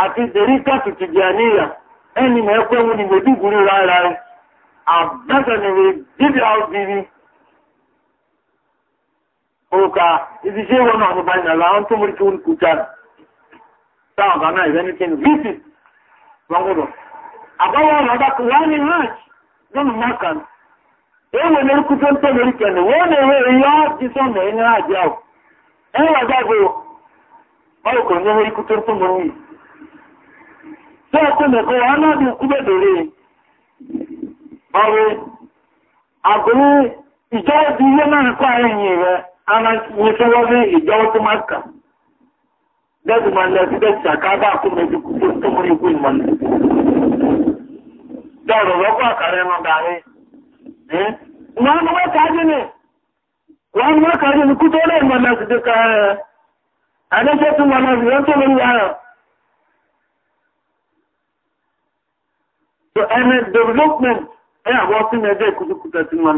àti deri katu tijaniya eni ma ekpe ni meduguri ịraịraị abẹ́sẹ̀nìwé dibia obìnrin òkà ìdíṣẹ́ wọn náà nípa ìnàlá àwọn tó mú kí wọn kú jáde táwọn náà ìrẹ́ni kí ni bíìsì wọn agaghị anadapụ nwanne nwanyị dị maka enwe na ekwute na-enwe ihe jisọ na enye ajị ahụ enwega bụ ọkụ onye nwere ekwute ntobere yi sọọkụ na-ekwe ya anụ dị nkwube dere ọrụ agụrụ ìjọwọ́ di ilé náà kọ́ àárín yìí rẹ̀ ara nífẹ́wọ́ ní ìjọwọ́ tó máa kà dọ̀rọ̀ lọ́gbọ́ àkàrẹ wọn gàrí wọn ni wọ́n kájí ni wọ́n ni wọ́n kájí ni kú tó lè mọ̀ náà ka ẹ̀ àdéṣẹ́ tún mọ̀ náà sì yẹn tó lè so development ẹ àwọn tí ebe ẹjẹ́ ìkútukúta tí wọ́n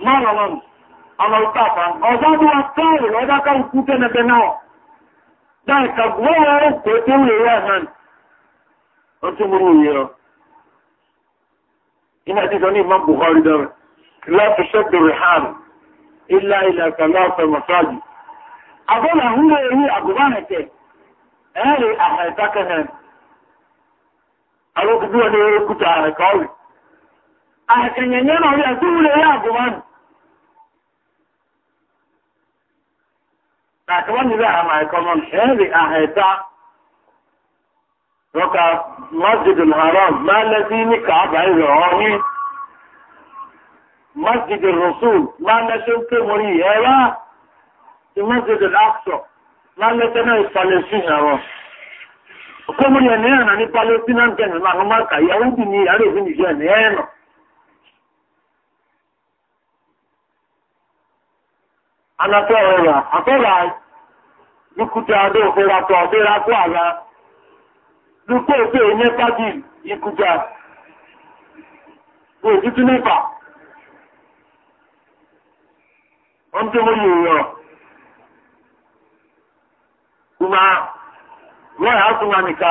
mara wangu anautaka adhabu wakali wanataka ukute na benao dai kagwao kwetu ya nani utumruyo ina hizo ni Imam Bukhari dawe la tushaddu rihal illa ila thalatha masajid abola huyo yeye agwanete ali ahataka nani alokujua ni kuta kauli akanyenyana yule asule ya agwanete a ìlú a ìkọmọ ẹ̀rì àhẹta lọ́ka masjidul haram máa ka ní kàábà ìrọ̀ ọ̀hún masjidul rasul máa na ń pè mọ́rí ẹ̀rá ti masjidul aqsa máa lẹ́sẹ̀ náà palestine àwọn ọkọ̀ mọ́rí ẹ̀ ní ni ní palestine anatọ́ ọ̀rọ̀ àtọ́là lukute adó òfòrapọ̀ ọ̀bẹ́ra tó àlá lukú òfè ní pàdì ìkúta kò títí nípa wọ́n tó mọ́ yìí rọ̀ kuma wọ́n yà á tún wọn nìka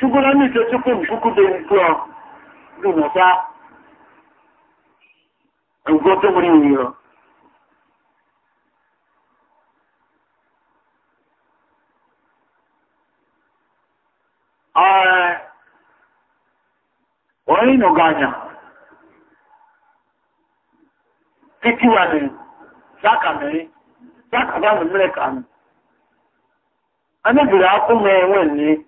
shughulani chochote mshukude mtua lunasa ngoto muri niyo ah wani noganya kiki wani zaka me zaka ba mu mele kan ana bila ku me wani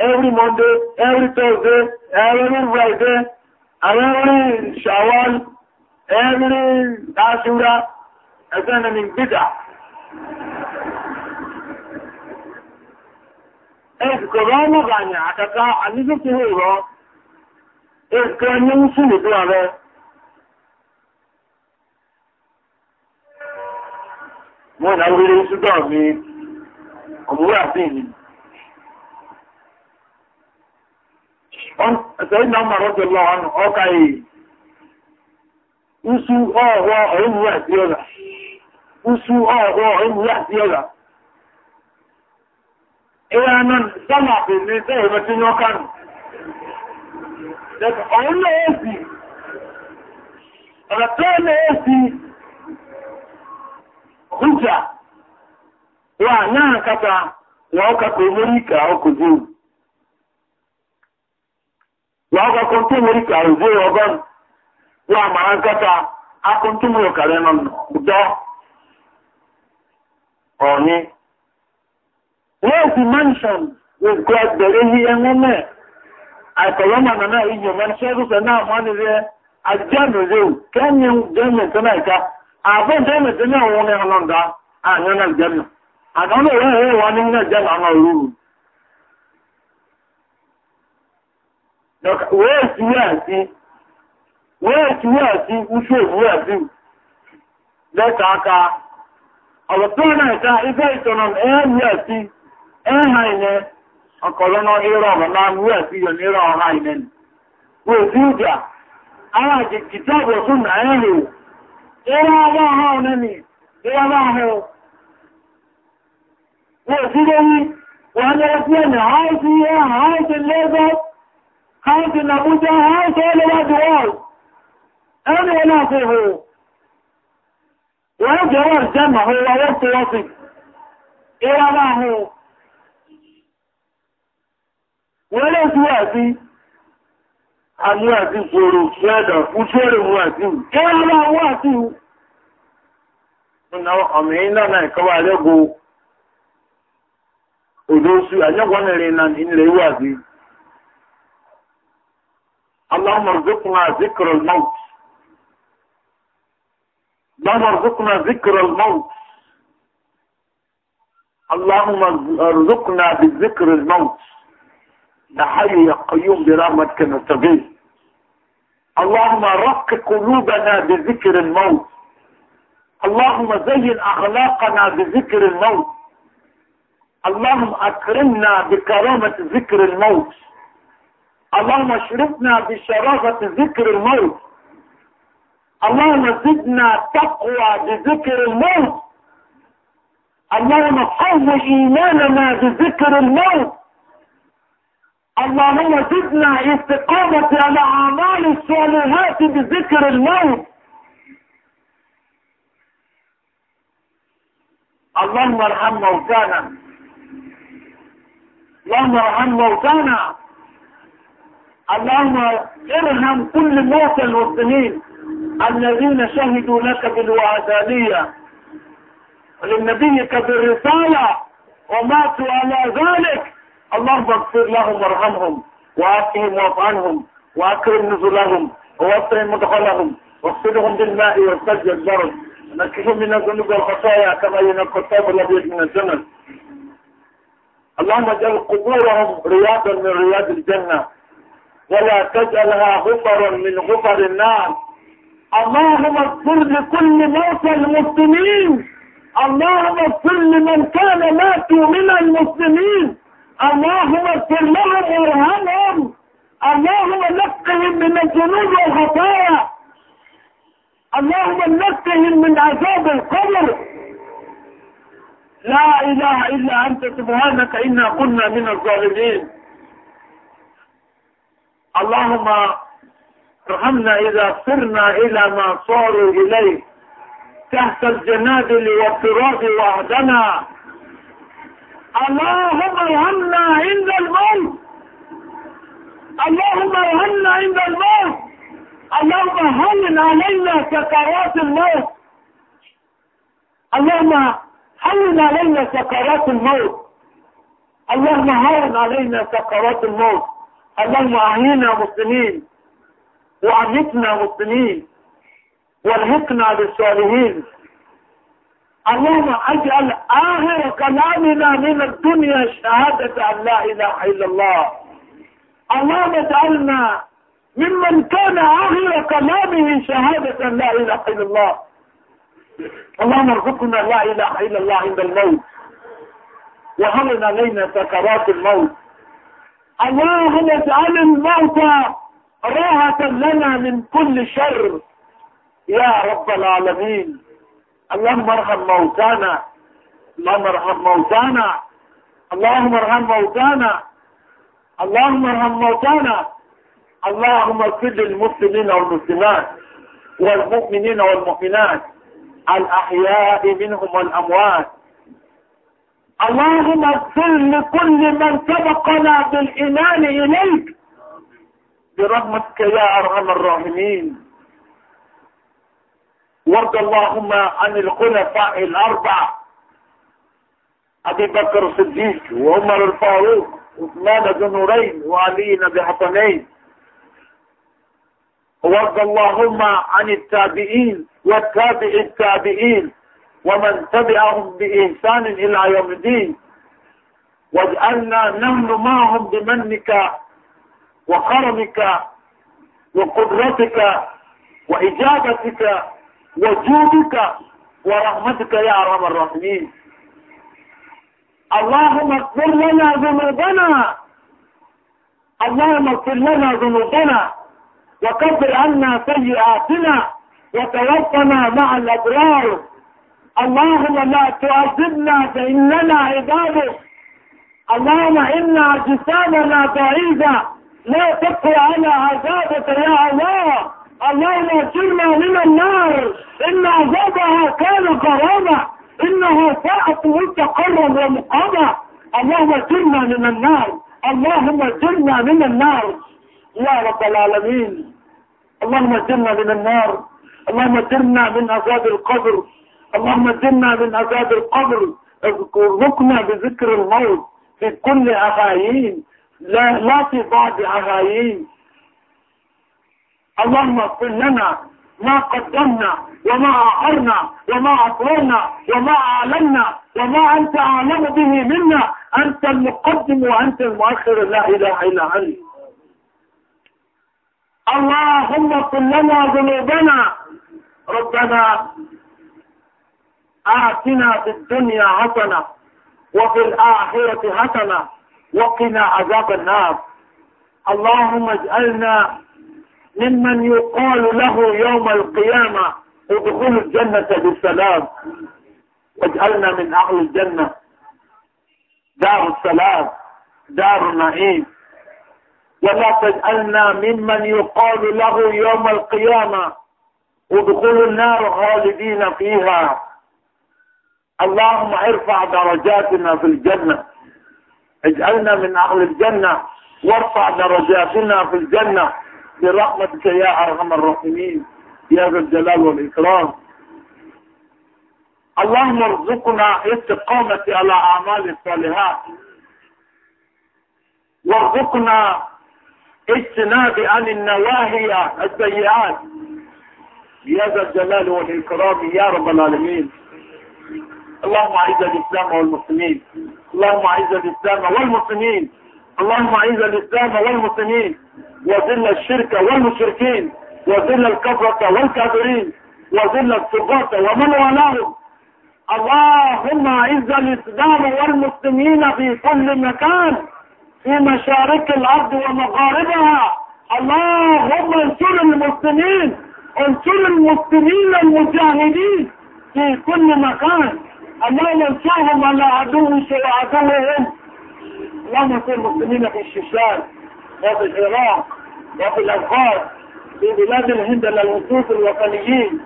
every Monday, every Thursday, every Friday, every Shawwal, every Ashura, as an in Bid'ah. Ezukọrọ ọmọ ụrọ ezukọrọ nye nsi mi, sẹ́yìn náà mọ̀rọ̀ tó lọ ọ̀nà ọkà yìí usu ọ̀họ́ ọ̀rẹ́mú àti ọ̀là usu ọ̀họ́ ọ̀rẹ́mú àti ọ̀là ẹ̀yà náà sọ́mà bèèrè sẹ́yìn mẹ́tí ní ọkà nù ọ̀hún náà èsì ọ̀rẹ́ tó náà èsì lọ́gọ́kọ́ tí mo rí kàrò sí ọgọ́n wọ́n àmàrà nkẹta akọ́ rí kàrò ẹ̀nà mansion wọ́n kọ́ ẹgbẹ̀rẹ̀ yí ẹ̀wọ́n mẹ́ àìkọ̀lọ́mà nàná ìyẹn mẹ́rin ṣẹ́rùsẹ̀ náà wọ́n ni rẹ̀ kẹ́ni náà ìka àbọ̀ náà wọ́n ní àyẹ̀nà àtàwọn wee tinye asị wee tinye asị uche leta aka ọbụtụrụ na ịta ife ịtọrọ m ihe ebuwe asị ihe ha ine ọkọrọ nọ ịrụ ọrụ na nwuwe yọ n'ịrụ ọha ine wee ti agha ji kịta bụ na ihe ịrụ ọrụ ọha one ni ịrụ ọrụ ahụ wee ti onye na ha isi ihe ha káàkiri na mújá áìsọ́ lọ́wọ́dù wọ́n ẹni wọ́n náà fi hù wọ́n jẹ́ wọ́n jẹ́ màá wọ́n tó wọ́n fi ìwà máa hù wọ́n lè fi wà sí àmú àti ìṣòro ṣẹ́dà fún na ilẹ̀ ìwà اللهم ارزقنا ذكر الموت اللهم ارزقنا ذكر الموت اللهم ارزقنا بذكر الموت نحي حي يا قيوم برحمتك نستغيث اللهم رق قلوبنا بذكر الموت اللهم زين اخلاقنا بذكر الموت اللهم اكرمنا بكرامه ذكر الموت اللهم اشرفنا بشرافة ذكر الموت اللهم زدنا تقوى بذكر الموت اللهم قوم إيماننا بذكر الموت اللهم زدنا استقامة على أعمال الصالحات بذكر الموت اللهم ارحم موتانا اللهم ارحم موتانا اللهم ارحم كل موتى المسلمين الذين شهدوا لك بالوعدانية ولنبيك بالرسالة وماتوا على ذلك اللهم اغفر لهم وارحمهم وآتهم واعف عنهم وأكرم نزلهم ووفهم مدخلهم واغسلهم بالماء والثلج والبرد ونكفهم من الذنوب والخطايا كما ينقى الثوب الابيض من الجنة اللهم اجعل قبورهم رياضا من رياض الجنة ولا تجعلها غفرا من غفر النار اللهم اغفر لكل موتى المسلمين اللهم اغفر لمن كان ماتوا من المسلمين اللهم اغفر لهم وارحمهم اللهم نقهم من الذنوب والخطايا اللهم نقهم من عذاب القبر لا اله الا انت سبحانك انا كنا من الظالمين اللهم ارحمنا إذا صرنا إلى ما صاروا إليه تحت الجنادل والطراز وحدنا اللهم ارحمنا عند الموت اللهم ارحمنا عند الموت اللهم هون علينا سكرات الموت اللهم هون علينا سكرات الموت اللهم هون علينا سكرات الموت اللهم أهينا مسلمين وأمتنا مسلمين والهقنا للصالحين اللهم اجعل آخر كلامنا من الدنيا شهادة أن لا إله إلا الله اللهم اجعلنا ممن كان آخر كلامه شهادة أن لا إله إلا الله اللهم ارزقنا لا إله إلا الله عند الموت وهلنا علينا سكرات الموت اللهم اجعل الموت راحة لنا من كل شر يا رب العالمين اللهم ارحم موتانا اللهم ارحم موتانا اللهم ارحم موتانا اللهم ارحم موتانا اللهم اغفر للمسلمين والمسلمات والمؤمنين والمؤمنات الأحياء منهم والأموات اللهم اغفر لكل من سبقنا بالإيمان إليك برحمتك يا أرحم الراحمين وارض اللهم عن الخلفاء الأربعة أبي بكر الصديق وعمر الفاروق وعثمان ذو نورين وعلي بن حسنين وارض اللهم عن التابعين والتابع التابعين ومن تبعهم بإحسان إلى يوم الدين واجعلنا نمن معهم بمنك وكرمك وقدرتك وإجابتك وجودك ورحمتك يا أرحم الراحمين اللهم اغفر لنا ذنوبنا اللهم اغفر لنا ذنوبنا وكفر عنا سيئاتنا وتوفنا مع الأبرار اللهم لا تعذبنا فإننا عبادك اللهم إن أجسامنا ضعيفة لا تقوى على عذابك يا الله اللهم اجرنا من النار إن عذابها كان غراما إنها ساءت مستقرا ومقاما اللهم اجرنا من النار اللهم اجرنا من النار يا رب العالمين اللهم اجرنا من النار اللهم اجرنا من عذاب القبر اللهم زدنا من عذاب القبر اذكرنا بذكر الموت في كل أغايين لا, لا في بعض أغايين اللهم اغفر لنا ما قدمنا وما أخرنا وما أطولنا وما أعلنا وما أنت أعلم به منا أنت المقدم وأنت المؤخر لا إله إلا أنت اللهم اغفر لنا ذنوبنا ربنا آتنا في الدنيا حسنة وفي الآخرة حسنة وقنا عذاب النار اللهم اجعلنا ممن يقال له يوم القيامة ادخل الجنة بالسلام واجعلنا من أهل الجنة دار السلام دار النعيم ولا تجعلنا ممن يقال له يوم القيامة ادخلوا النار خالدين فيها اللهم ارفع درجاتنا في الجنة اجعلنا من أهل الجنة وارفع درجاتنا في الجنة برحمتك يا أرحم الراحمين يا ذا الجلال والإكرام اللهم ارزقنا استقامة على أعمال الصالحات وارزقنا اجتناب عن النواهي السيئات يا ذا الجلال والإكرام يا رب العالمين اللهم اعز الاسلام والمسلمين اللهم اعز الاسلام والمسلمين اللهم اعز الاسلام والمسلمين وذل الشرك والمشركين وذل الكفرة والكافرين وذل الطغاة ومن والاهم اللهم اعز الاسلام والمسلمين في كل مكان في مشارق الارض ومغاربها اللهم انصر المسلمين انصر المسلمين المجاهدين في كل مكان أما ننساهم على عدو وعدوهم لم نكون مسلمين في الشيشان وفي العراق وفي الأفغان في بلاد الهند للوقوف الوطنيين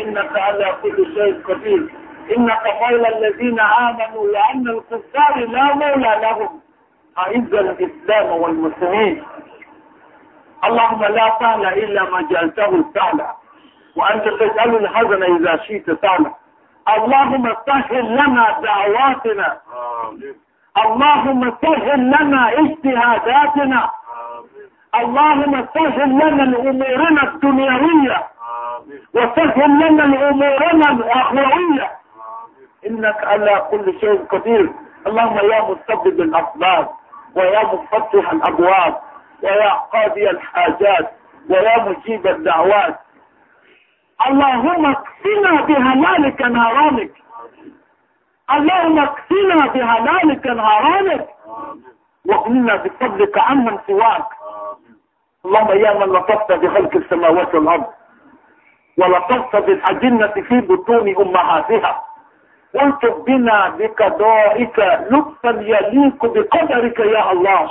إنك على كل شيء قدير إنك خير الذين آمنوا لأن الكفار لا مولى لهم أعز الإسلام والمسلمين اللهم لا تعلى إلا ما جعلته تعلى وأنت تسأل الحزن إذا شئت سهلا اللهم سهل لنا دعواتنا اللهم سهل لنا اجتهاداتنا اللهم سهل لنا امورنا الدنيويه وسهل لنا امورنا الاخرويه انك على كل شيء قدير اللهم يا مسبب الاسباب ويا مفتح الابواب ويا قاضي الحاجات ويا مجيب الدعوات اللهم اكفنا بهلالك نارانك اللهم اكفنا بهلالك نارانك حرامك واغننا بفضلك عمن سواك اللهم يا من لطفت بخلق السماوات والارض ولطفت بالاجنه في بطون امهاتها وانطق بنا بقضائك لطفا يليق بقدرك يا الله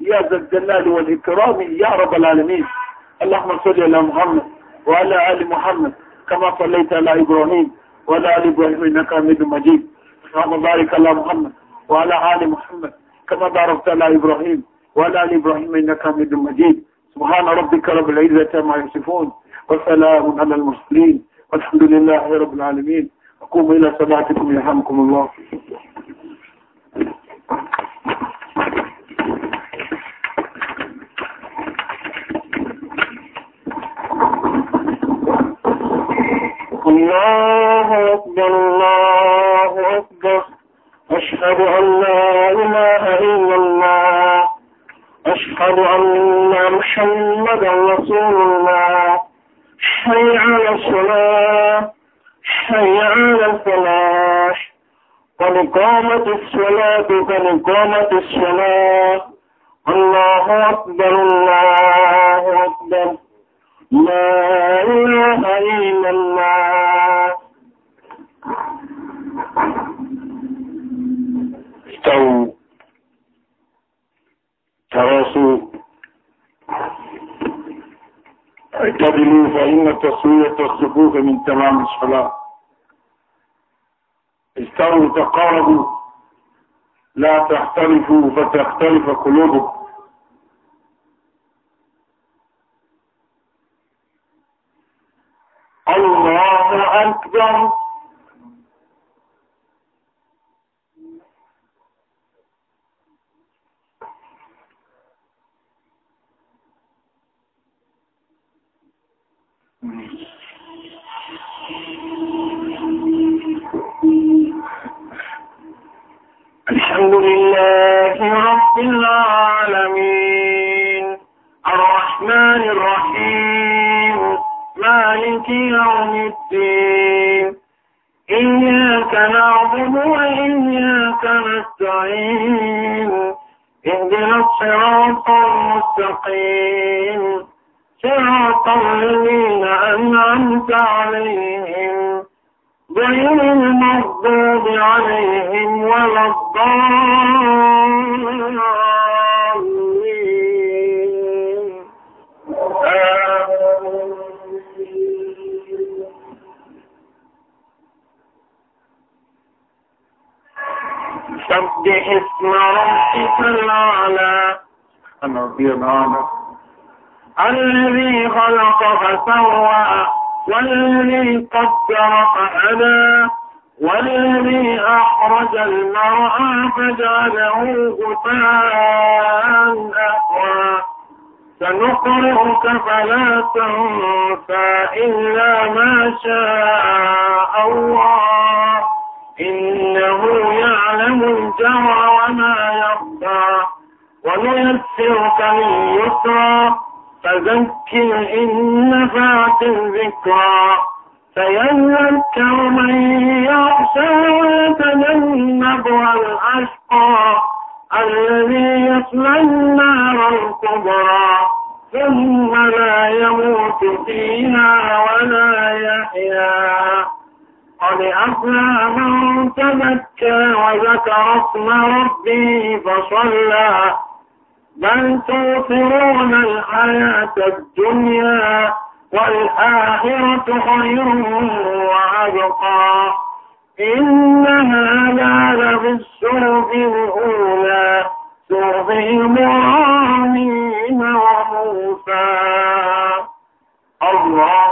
يا ذا الجلال والاكرام يا رب العالمين اللهم صل على محمد وعلى آل محمد كما صليت على إبراهيم وعلى آل إبراهيم إنك حميد مجيد اللهم بارك على محمد وعلى آل محمد كما باركت على إبراهيم وعلى آل إبراهيم إنك حميد مجيد سبحان ربك رب العزة ما يصفون وسلام على المرسلين والحمد لله رب العالمين أقوم إلى صلاتكم يرحمكم الله الله أكبر الله أكبر أشهد أن لا إله إلا الله أشهد أن محمدا رسول الله حي على الصلاة حي على الفلاح قد قامت الصلاة قد قامت الصلاة الله أكبر الله أكبر لا إله إلا الله استووا تراصوا اعتدلوا فإن التصوية الصفوف من تمام الصلاة استووا تقاربوا لا تختلفوا فتختلف قلوبكم ربنا تزكى وذكر اسم ربه فصلى بل توفرون الحياة الدنيا والآخرة خير وأبقى إن هذا لفي الصحف الأولى صحف إبراهيم وموسى الله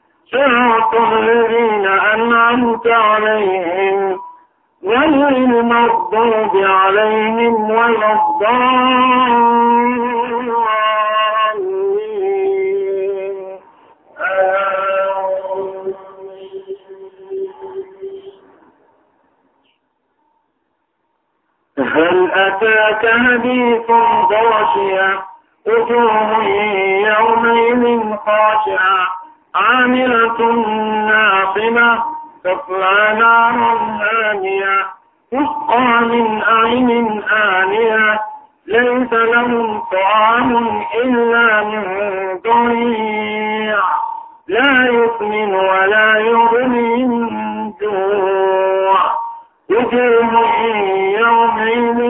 صراط الذين أنعمت عليهم غير المغضوب عليهم ولا الضالين هل أتاك حديث غاشية وجوه يومئذ خاشعة عاملة ناصبة تطلع نارا هانية تسقى من أعين آنية ليس لهم طعام إلا من ضريع لا يسمن ولا يغني من جوع وجوه يومئذ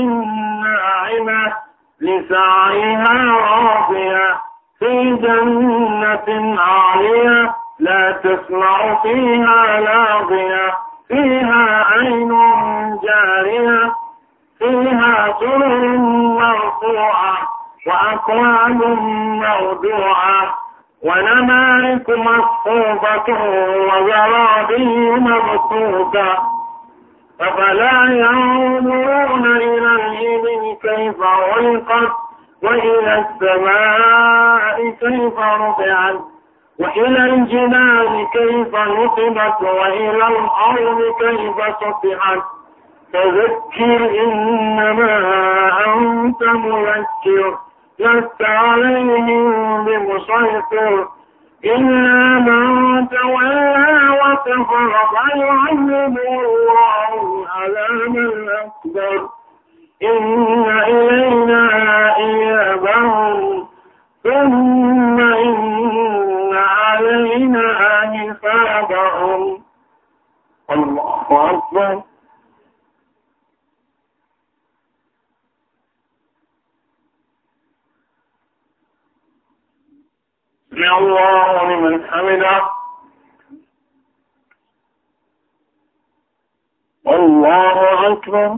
ناعمة لسعيها راضية في جنة عالية لا تسمع فيها لاغية فيها عين جارية فيها سرر مرفوعة وأكواب موضوعة ونمارك مصفوفة وزرابي مبسوطة أفلا ينظرون إلى الإبل كيف علقت وإلى السماء كيف رفعت وإلى الجبال كيف نصبت وإلى الأرض كيف سطحت فذكر إنما أنت مذكر لست عليهم بمسيطر إلا من تولى وكفر فيعذبه الله على من أكبر إن إلينا إيابهم ثم إن علينا حسابهم الله أكبر سمع الله لمن حمده الله أكبر